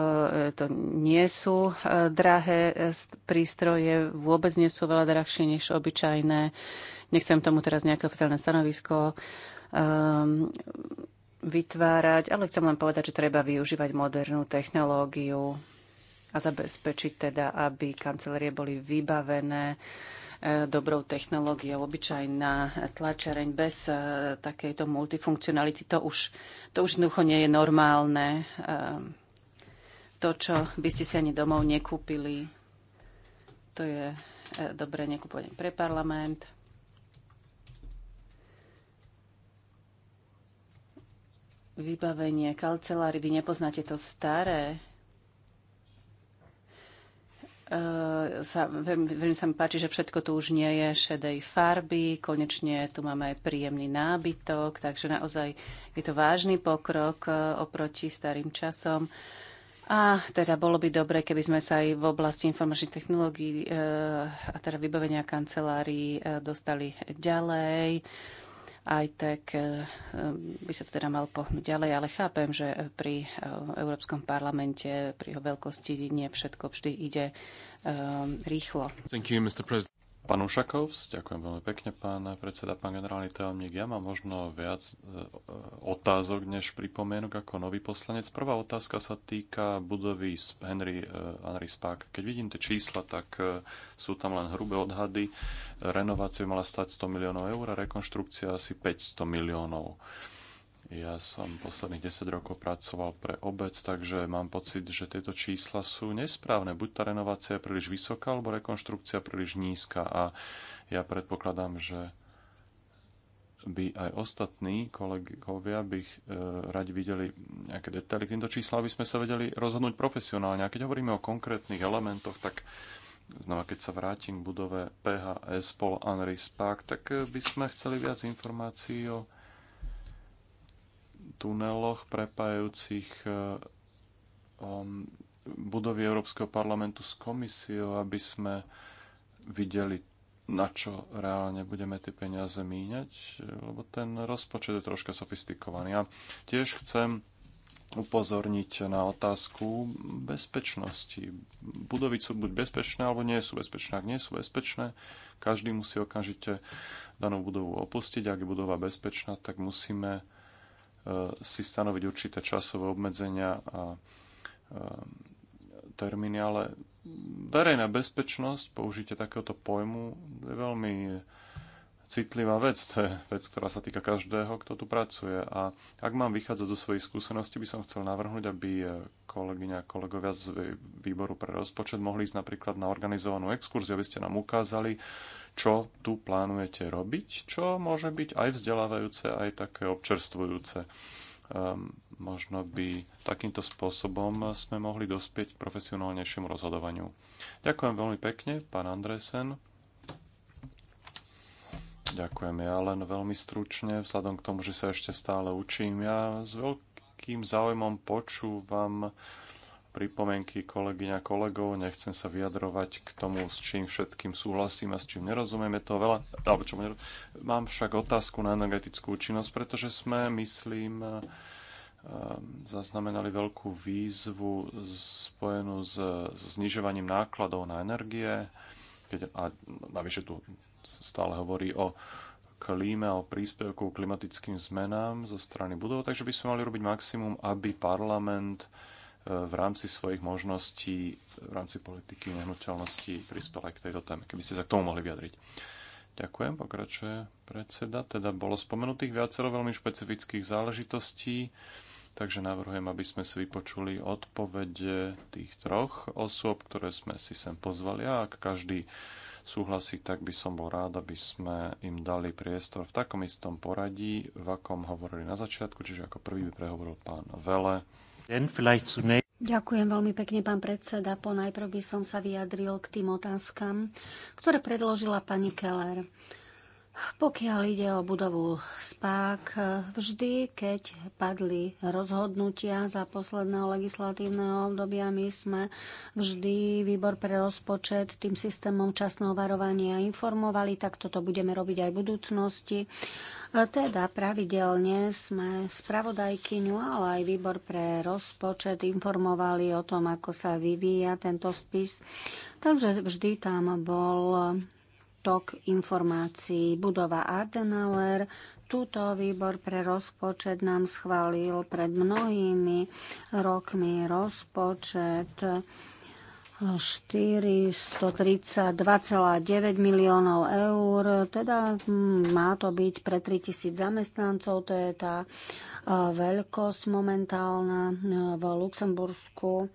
to nie sú eh, drahé prístroje, vôbec nie sú veľa drahšie než obyčajné. Nechcem tomu teraz nejaké oficiálne stanovisko ehm, vytvárať, ale chcem len povedať, že treba využívať modernú technológiu a zabezpečiť teda, aby kancelárie boli vybavené dobrou technológiou. Obyčajná tlačareň bez e, takejto multifunkcionality, to už, to už jednoducho nie je normálne. E, to, čo by ste si ani domov nekúpili, to je e, dobre nekupovanie pre parlament. Vybavenie kancelári, vy nepoznáte to staré Eh, sa, veľmi, veľmi sa mi páči, že všetko tu už nie je šedej farby. Konečne tu máme aj príjemný nábytok, takže naozaj je to vážny pokrok eh, oproti starým časom. A teda bolo by dobre, keby sme sa aj v oblasti informačných technológií e, a teda vybavenia kancelárií e, dostali ďalej. E, aj tak eh, eh, by sa to teda mal pohnúť ďalej, ale chápem, že pri eh, Európskom parlamente, pri jeho veľkosti nie všetko vždy ide rýchlo. You, Pán Ušakovs, ďakujem veľmi pekne, pán predseda, pán generálny tajomník. Ja mám možno viac e, otázok než pripomienok ako nový poslanec. Prvá otázka sa týka budovy Henry, e, Henry Spak. Keď vidím tie čísla, tak e, sú tam len hrubé odhady. Renovácia mala stať 100 miliónov eur a rekonštrukcia asi 500 miliónov ja som posledných 10 rokov pracoval pre obec, takže mám pocit, že tieto čísla sú nesprávne. Buď tá renovácia je príliš vysoká, alebo rekonštrukcia príliš nízka. A ja predpokladám, že by aj ostatní kolegovia by ich, e, radi videli nejaké detaily k týmto číslam, aby sme sa vedeli rozhodnúť profesionálne. A keď hovoríme o konkrétnych elementoch, tak znova keď sa vrátim k budove PHS Paul Henry Spark, tak e, by sme chceli viac informácií o tuneloch prepájajúcich eh, um, budovy Európskeho parlamentu s komisiou, aby sme videli, na čo reálne budeme tie peniaze míňať, lebo ten rozpočet je troška sofistikovaný. A ja tiež chcem upozorniť na otázku bezpečnosti. Budovy sú buď bezpečné, alebo nie sú bezpečné. Ak nie sú bezpečné, každý musí okamžite danú budovu opustiť. Ak je budova bezpečná, tak musíme E, si stanoviť určité časové obmedzenia a e, termíny, ale verejná bezpečnosť, použitie takéhoto pojmu, je veľmi citlivá vec. To je vec, ktorá sa týka každého, kto tu pracuje. A ak mám vychádzať zo svojich skúseností, by som chcel navrhnúť, aby kolegyňa a kolegovia z výboru pre rozpočet mohli ísť napríklad na organizovanú exkurziu, aby ste nám ukázali, čo tu plánujete robiť, čo môže byť aj vzdelávajúce, aj také občerstvujúce. Um, možno by takýmto spôsobom sme mohli dospieť k profesionálnejšiemu rozhodovaniu. Ďakujem veľmi pekne, pán Andresen. Ďakujem. Ja len veľmi stručne, vzhľadom k tomu, že sa ešte stále učím, ja s veľkým záujmom počúvam pripomienky kolegyňa kolegov, nechcem sa vyjadrovať k tomu, s čím všetkým súhlasím a s čím nerozumiem, je veľa, alebo čo, nerozumiem. mám však otázku na energetickú účinnosť, pretože sme, myslím, eh, zaznamenali veľkú výzvu spojenú s, s znižovaním nákladov na energie, keď, a navyše tu stále hovorí o klíme a o príspevku k klimatickým zmenám zo strany budov, takže by sme mali robiť maximum, aby parlament e, v rámci svojich možností, v rámci politiky nehnuteľnosti prispel aj k tejto téme, keby ste sa k tomu mohli vyjadriť. Ďakujem, pokračuje predseda. Teda bolo spomenutých viacero veľmi špecifických záležitostí, takže navrhujem, aby sme si vypočuli odpovede tých troch osôb, ktoré sme si sem pozvali a ak každý súhlasí, tak by som bol rád, aby sme im dali priestor v takom istom poradí, v akom hovorili na začiatku, čiže ako prvý by prehovoril pán Vele. Ďakujem veľmi pekne, pán predseda. Ponajprv by som sa vyjadril k tým otázkam, ktoré predložila pani Keller. Pokiaľ ide o budovu SPÁK, vždy, keď padli rozhodnutia za posledného legislatívneho obdobia, my sme vždy výbor pre rozpočet tým systémom časného varovania informovali, tak toto budeme robiť aj v budúcnosti. E, teda pravidelne sme spravodajkyňu, ale aj výbor pre rozpočet informovali o tom, ako sa vyvíja tento spis. Takže vždy tam bol tok informácií. Budova Adenauer, túto výbor pre rozpočet nám schválil pred mnohými rokmi rozpočet 432,9 miliónov eur, teda hm, má to byť pre 3000 zamestnancov, to je tá eh, veľkosť momentálna eh, v Luxembursku.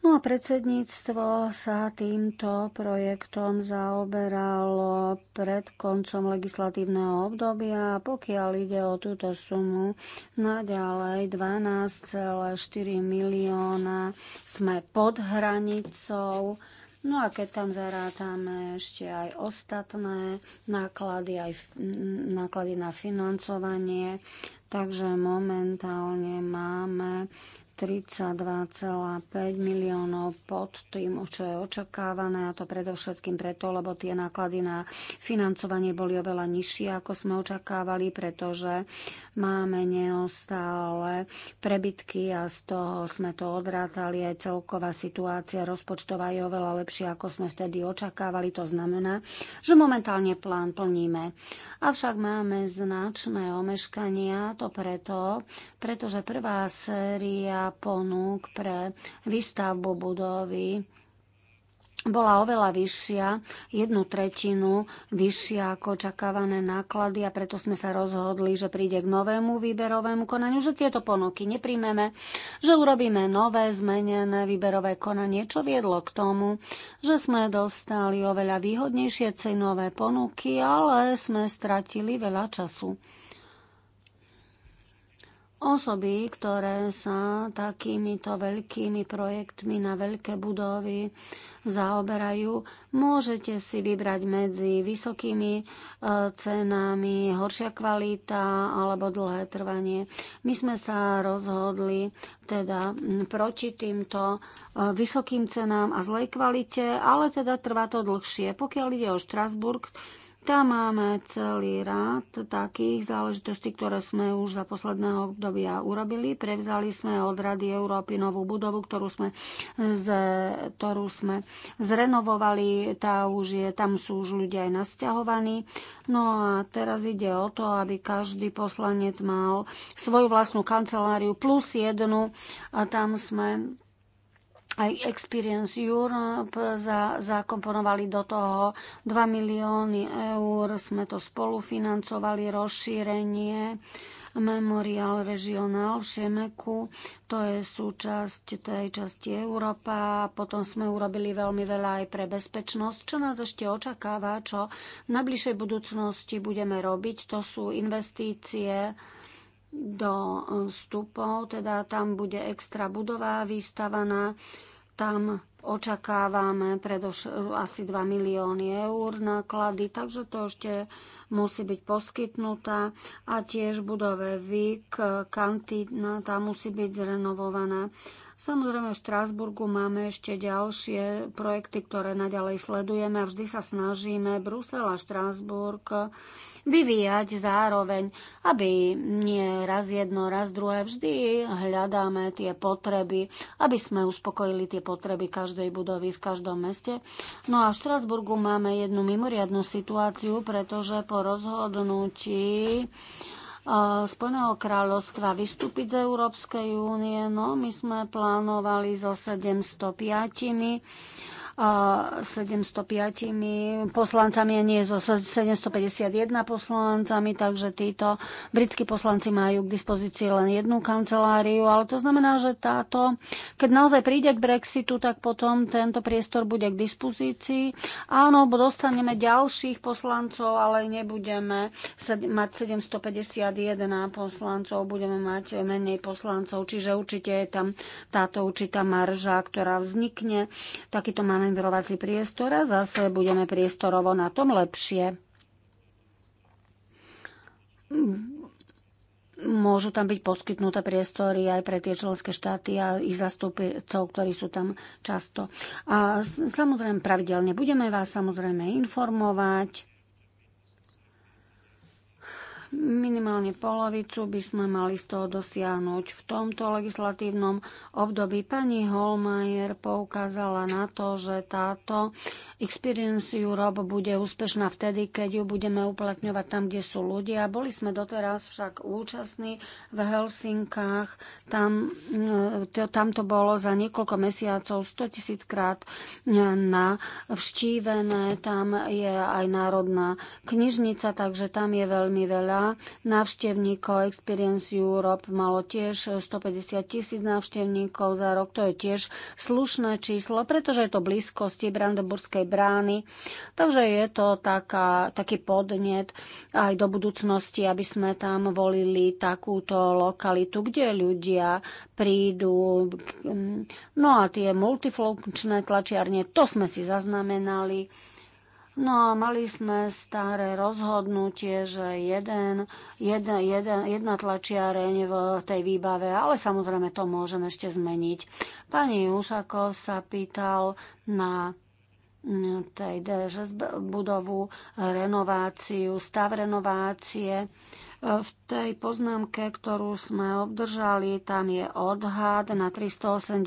No a predsedníctvo sa týmto projektom zaoberalo pred koncom legislatívneho obdobia a pokiaľ ide o túto sumu, naďalej 12,4 milióna sme pod hranicou. No a keď tam zarátame ešte aj ostatné náklady, aj náklady na financovanie, takže momentálne máme 32,5 miliónov pod tým, čo je očakávané, a to predovšetkým preto, lebo tie náklady na financovanie boli oveľa nižšie, ako sme očakávali, pretože máme neustále prebytky a z toho sme to odrátali. Aj celková situácia rozpočtová je oveľa lepšia, ako sme vtedy očakávali. To znamená, že momentálne plán plníme. Avšak máme značné omeškania, to preto, pretože prvá séria ponúk pre výstavbu budovy bola oveľa vyššia, jednu tretinu vyššia ako očakávané náklady a preto sme sa rozhodli, že príde k novému výberovému konaniu, že tieto ponuky nepríjmeme, že urobíme nové zmenené výberové konanie, čo viedlo k tomu, že sme dostali oveľa výhodnejšie cenové ponuky, ale sme stratili veľa času osoby, ktoré sa takýmito veľkými projektmi na veľké budovy zaoberajú, môžete si vybrať medzi vysokými e, cenami, horšia kvalita alebo dlhé trvanie. My sme sa rozhodli teda proti týmto e, vysokým cenám a zlej kvalite, ale teda trvá to dlhšie. Pokiaľ ide o Štrasburg, tam máme celý rád takých záležitostí, ktoré sme už za posledného obdobia urobili. Prevzali sme od Rady Európy novú budovu, ktorú sme, z, ktorú sme zrenovovali. Tá už je, tam sú už ľudia aj nasťahovaní. No a teraz ide o to, aby každý poslanec mal svoju vlastnú kanceláriu plus jednu. A tam sme aj Experience Europe za, zakomponovali do toho 2 milióny eur. Sme to spolufinancovali, rozšírenie Memorial Regional v Šemeku. To je súčasť tej časti Európa. Potom sme urobili veľmi veľa aj pre bezpečnosť. Čo nás ešte očakáva, čo v najbližšej budúcnosti budeme robiť, to sú investície do vstupov, teda tam bude extra budova vystavaná tam očakávame predoš- asi 2 milióny eur náklady, takže to ešte musí byť poskytnutá a tiež budove VIK, kantína, tá musí byť zrenovovaná. Samozrejme v Štrásburgu máme ešte ďalšie projekty, ktoré naďalej sledujeme a vždy sa snažíme Brusel a Štrásburg vyvíjať zároveň, aby nie raz jedno, raz druhé. Vždy hľadáme tie potreby, aby sme uspokojili tie potreby každej budovy v každom meste. No a v Štrasburgu máme jednu mimoriadnú situáciu, pretože po rozhodnutí e, Spojeného kráľovstva vystúpiť z Európskej únie. No, my sme plánovali so 705 705 poslancami a nie so 751 poslancami, takže títo britskí poslanci majú k dispozícii len jednu kanceláriu, ale to znamená, že táto, keď naozaj príde k Brexitu, tak potom tento priestor bude k dispozícii. Áno, dostaneme ďalších poslancov, ale nebudeme mať 751 poslancov, budeme mať menej poslancov, čiže určite je tam táto určitá marža, ktorá vznikne. Takýto manažer manevrovací priestor a zase budeme priestorovo na tom lepšie. Môžu tam byť poskytnuté priestory aj pre tie členské štáty a ich zastupcov, ktorí sú tam často. A samozrejme pravidelne budeme vás samozrejme informovať minimálne polovicu by sme mali z toho dosiahnuť. V tomto legislatívnom období pani Holmajer poukázala na to, že táto Experience Europe bude úspešná vtedy, keď ju budeme uplatňovať tam, kde sú ľudia. Boli sme doteraz však účastní v Helsinkách. Tam, e, to, tam to bolo za niekoľko mesiacov 100 tisíc krát e, na vštívené. Tam je aj národná knižnica, takže tam je veľmi veľa návštevníkov. Experience Europe malo tiež 150 tisíc návštevníkov za rok. To je tiež slušné číslo, pretože je to blízkosti Brandenburskej brány. Takže je to taká, taký podnet aj do budúcnosti, aby sme tam volili takúto lokalitu, kde ľudia prídu. No a tie multifunkčné tlačiarne, to sme si zaznamenali. No a mali sme staré rozhodnutie, že jeden, jedna, jedna, jedna tlačiareň v tej výbave, ale samozrejme to môžeme ešte zmeniť. Pani Ušakov sa pýtal na mm, tej DŽS budovu, renováciu, stav renovácie. V tej poznámke, ktorú sme obdržali, tam je odhad na 380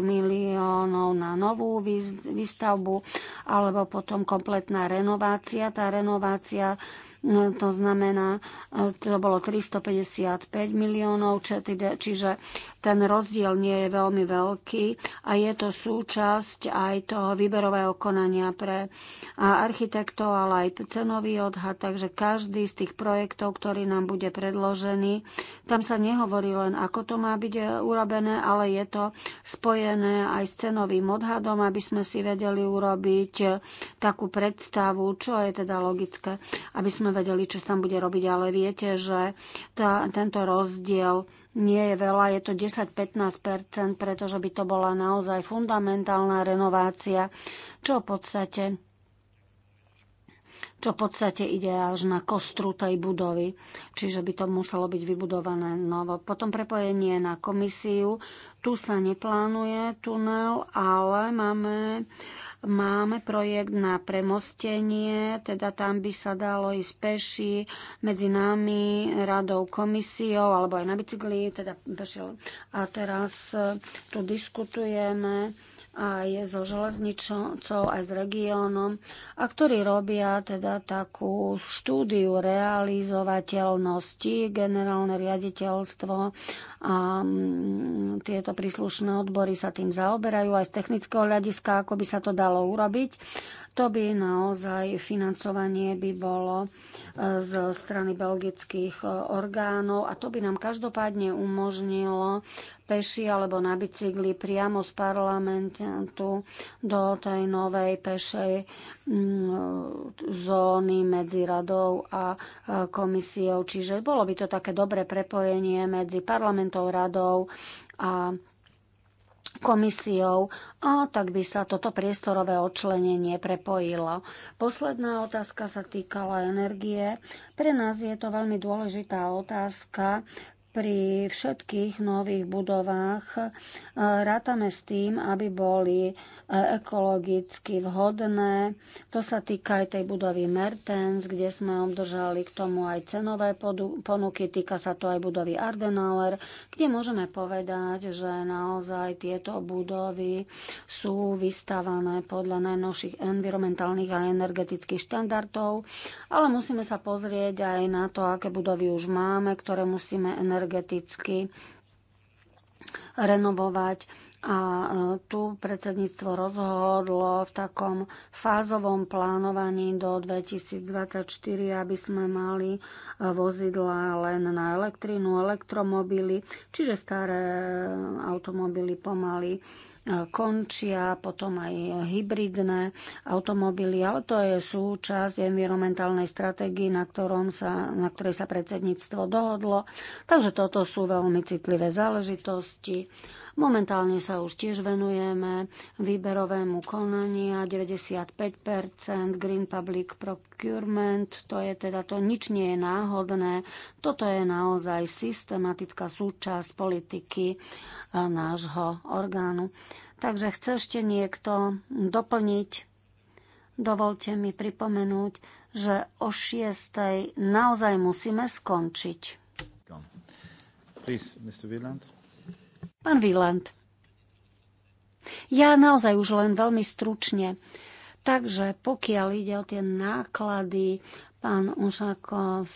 miliónov na novú výstavbu alebo potom kompletná renovácia. Tá renovácia No, to znamená, e, to bolo 355 miliónov, čiže ten rozdiel nie je veľmi veľký a je to súčasť aj toho výberového konania pre architektov, ale aj cenový odhad, takže každý z tých projektov, ktorý nám bude predložený, tam sa nehovorí len, ako to má byť e, urobené, ale je to spojené aj s cenovým odhadom, aby sme si vedeli urobiť e, takú predstavu, čo je teda logické, aby sme sme vedeli, čo sa tam bude robiť, ale viete, že tá, tento rozdiel nie je veľa, je to 10-15%, pretože by to bola naozaj fundamentálna renovácia, čo v podstate čo v podstate ide až na kostru tej budovy, čiže by to muselo byť vybudované novo. Potom prepojenie na komisiu, tu sa neplánuje tunel, ale máme uh, Máme projekt na premostenie, teda tam by sa dalo ísť peši medzi nami, radou, komisiou, alebo aj na bicykli, teda peši. A teraz eh, tu diskutujeme aj so železničnou, aj s regiónom, a ktorí robia teda takú štúdiu realizovateľnosti, generálne riaditeľstvo a mm, tieto príslušné odbory sa tým zaoberajú aj z technického hľadiska, ako by sa to dalo urobiť to by naozaj financovanie by bolo e, z strany belgických e, orgánov a to by nám každopádne umožnilo peši alebo na bicykli priamo z parlamentu do tej novej pešej mm, zóny medzi radou a e, komisiou. Čiže bolo by to také dobré prepojenie medzi parlamentou, radou a komisiou a tak by sa toto priestorové odčlenenie prepojilo. Posledná otázka sa týkala energie. Pre nás je to veľmi dôležitá otázka, pri všetkých nových budovách e, rátame s tým, aby boli e, ekologicky vhodné. To sa týka aj tej budovy Mertens, kde sme obdržali k tomu aj cenové ponuky. Týka sa to aj budovy Ardenauer, kde môžeme povedať, že naozaj tieto budovy sú vystavané podľa najnovších environmentálnych a energetických štandardov, ale musíme sa pozrieť aj na to, aké budovy už máme, ktoré musíme energeticky energeticky renovovať. A e, tu predsedníctvo rozhodlo v takom fázovom plánovaní do 2024, aby sme mali e, vozidla len na elektrínu, elektromobily, čiže staré automobily pomaly končia, potom aj hybridné automobily, ale to je súčasť environmentálnej stratégie, na, ktorom sa, na ktorej sa predsedníctvo dohodlo. Takže toto sú veľmi citlivé záležitosti. Momentálne sa už tiež venujeme výberovému konania 95% Green Public Procurement, to je teda to nič nie je náhodné, toto je naozaj systematická súčasť politiky eh, nášho orgánu. Takže chce ešte niekto doplniť? Dovolte mi pripomenúť, že o 6. naozaj musíme skončiť. Please, Mr. Wieland. Pán Wieland. Ja naozaj už len veľmi stručne. Takže pokiaľ ide o tie náklady, pán Ušakov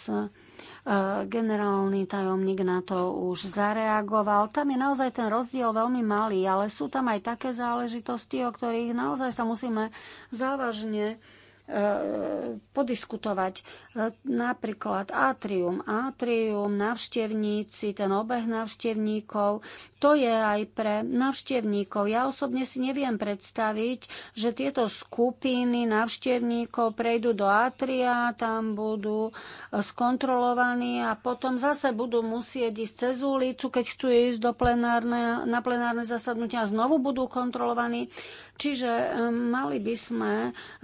Eh, generálny tajomník na to už zareagoval. Tam je naozaj ten rozdiel veľmi malý, ale sú tam aj také záležitosti, o ktorých naozaj sa musíme závažne Eh, podiskutovať. Eh, napríklad atrium. Atrium, návštevníci, ten obeh návštevníkov, to je aj pre návštevníkov. Ja osobne si neviem predstaviť, že tieto skupiny návštevníkov prejdú do atria, tam budú eh, skontrolovaní a potom zase budú musieť ísť cez ulicu, keď chcú ísť do plenárne, na plenárne zasadnutia a znovu budú kontrolovaní. Čiže mali by sme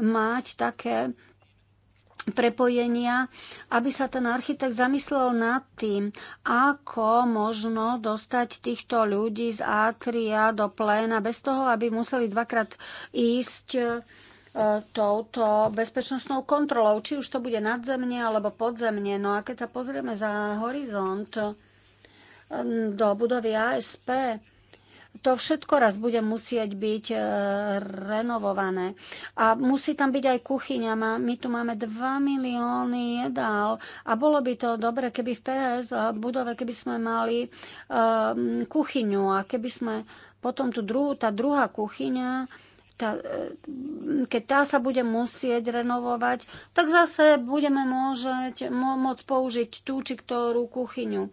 mať také prepojenia, aby sa ten architekt zamyslel nad tým, ako možno dostať týchto ľudí z Atria do pléna bez toho, aby museli dvakrát ísť e, touto bezpečnostnou kontrolou, či už to bude nadzemne alebo podzemne. No a keď sa pozrieme za horizont do budovy ASP, to všetko raz bude musieť byť e, renovované. A musí tam byť aj kuchyňa. My tu máme 2 milióny jedál a bolo by to dobre, keby v PS e, budove, keby sme mali e, kuchyňu a keby sme potom tu druhú, tá druhá kuchyňa tá, keď tá sa bude musieť renovovať, tak zase budeme môžeť, môcť použiť tú či ktorú kuchyňu. Uh,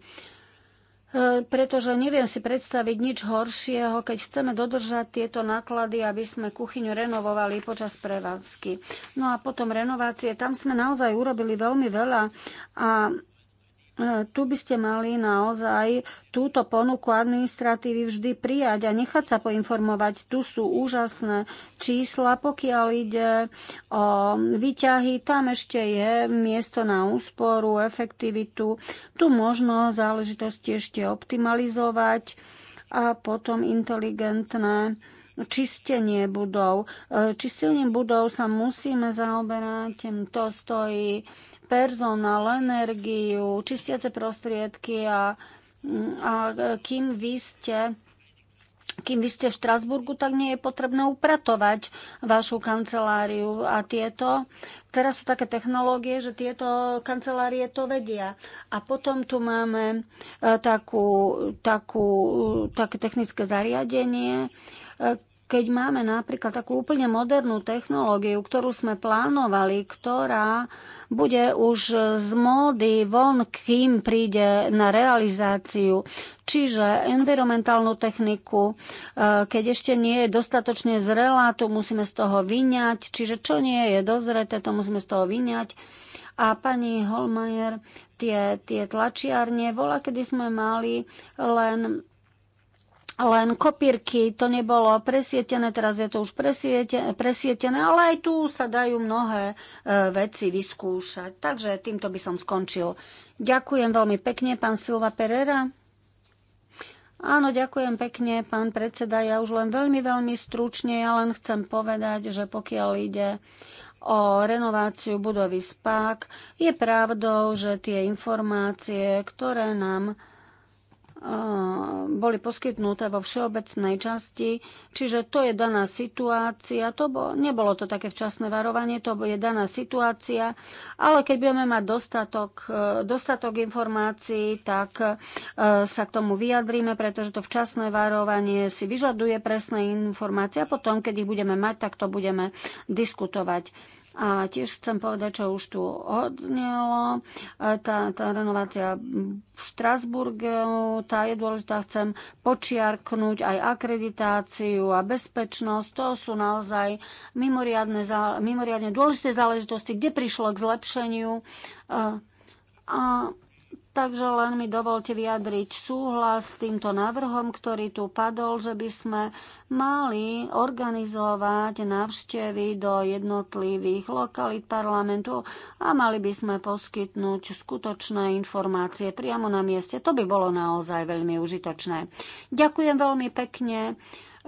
E, pretože neviem si predstaviť nič horšieho, keď chceme dodržať tieto náklady, aby sme kuchyňu renovovali počas prevádzky. No a potom renovácie, tam sme naozaj urobili veľmi veľa a E, tu by ste mali naozaj túto ponuku administratívy vždy prijať a nechať sa poinformovať. Tu sú úžasné čísla, pokiaľ ide o výťahy, tam ešte je miesto na úsporu, efektivitu. Tu možno záležitosti ešte optimalizovať a potom inteligentné čistenie budov. E, Čistením budov sa musíme zaoberať, to stojí personál, energiu, čistiace prostriedky a, a kým vy ste kým vy ste v Štrasburgu, tak nie je potrebné upratovať vašu kanceláriu a tieto. Teraz sú také technológie, že tieto kancelárie to vedia. A potom tu máme e, takú, takú, také technické zariadenie, e, keď máme napríklad takú úplne modernú technológiu, ktorú sme plánovali, ktorá bude už z módy von, kým príde na realizáciu, čiže environmentálnu techniku, e, keď ešte nie je dostatočne zrelá, tu musíme z toho vyňať, čiže čo nie je dozreté, to musíme z toho vyňať. A pani Holmajer, tie, tie tlačiarne, vola, kedy sme mali len len kopírky, to nebolo presietené, teraz je to už presietené, ale aj tu sa dajú mnohé e, veci vyskúšať. Takže týmto by som skončil. Ďakujem veľmi pekne, pán Silva Perera. Áno, ďakujem pekne, pán predseda. Ja už len veľmi, veľmi stručne, ja len chcem povedať, že pokiaľ ide o renováciu budovy SPAK, je pravdou, že tie informácie, ktoré nám boli poskytnuté vo všeobecnej časti, čiže to je daná situácia, to bo, nebolo to také včasné varovanie, to je daná situácia, ale keď budeme mať dostatok, dostatok informácií, tak e, sa k tomu vyjadríme, pretože to včasné varovanie si vyžaduje presné informácie a potom, keď ich budeme mať, tak to budeme diskutovať. A tiež chcem povedať, čo už tu odznelo, e, tá, tá renovácia v Štrasburgu, tá je dôležitá, chcem počiarknúť aj akreditáciu a bezpečnosť. To sú naozaj mimoriadne, mimoriadne dôležité záležitosti, kde prišlo k zlepšeniu. E, a, a Takže len mi dovolte vyjadriť súhlas s týmto návrhom, ktorý tu padol, že by sme mali organizovať návštevy do jednotlivých lokalít parlamentu a mali by sme poskytnúť skutočné informácie priamo na mieste. To by bolo naozaj veľmi užitočné. Ďakujem veľmi pekne.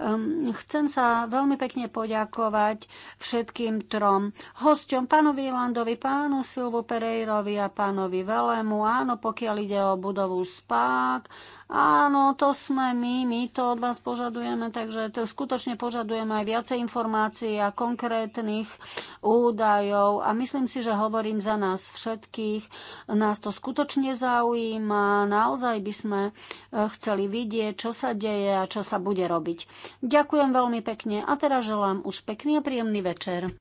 Ehm, chcem sa veľmi pekne poďakovať všetkým trom hosťom, pánovi Landovi, pánu Silvu Pereirovi a pánovi Velemu. Áno, pokiaľ ide o budovu SPÁK, Áno, to sme my, my to od vás požadujeme, takže to skutočne požadujeme aj viacej informácií a konkrétnych údajov a myslím si, že hovorím za nás všetkých. Nás to skutočne zaujíma, naozaj by sme eh, chceli vidieť, čo sa deje a čo sa bude robiť. Ďakujem veľmi pekne a teraz želám už pekný a príjemný večer.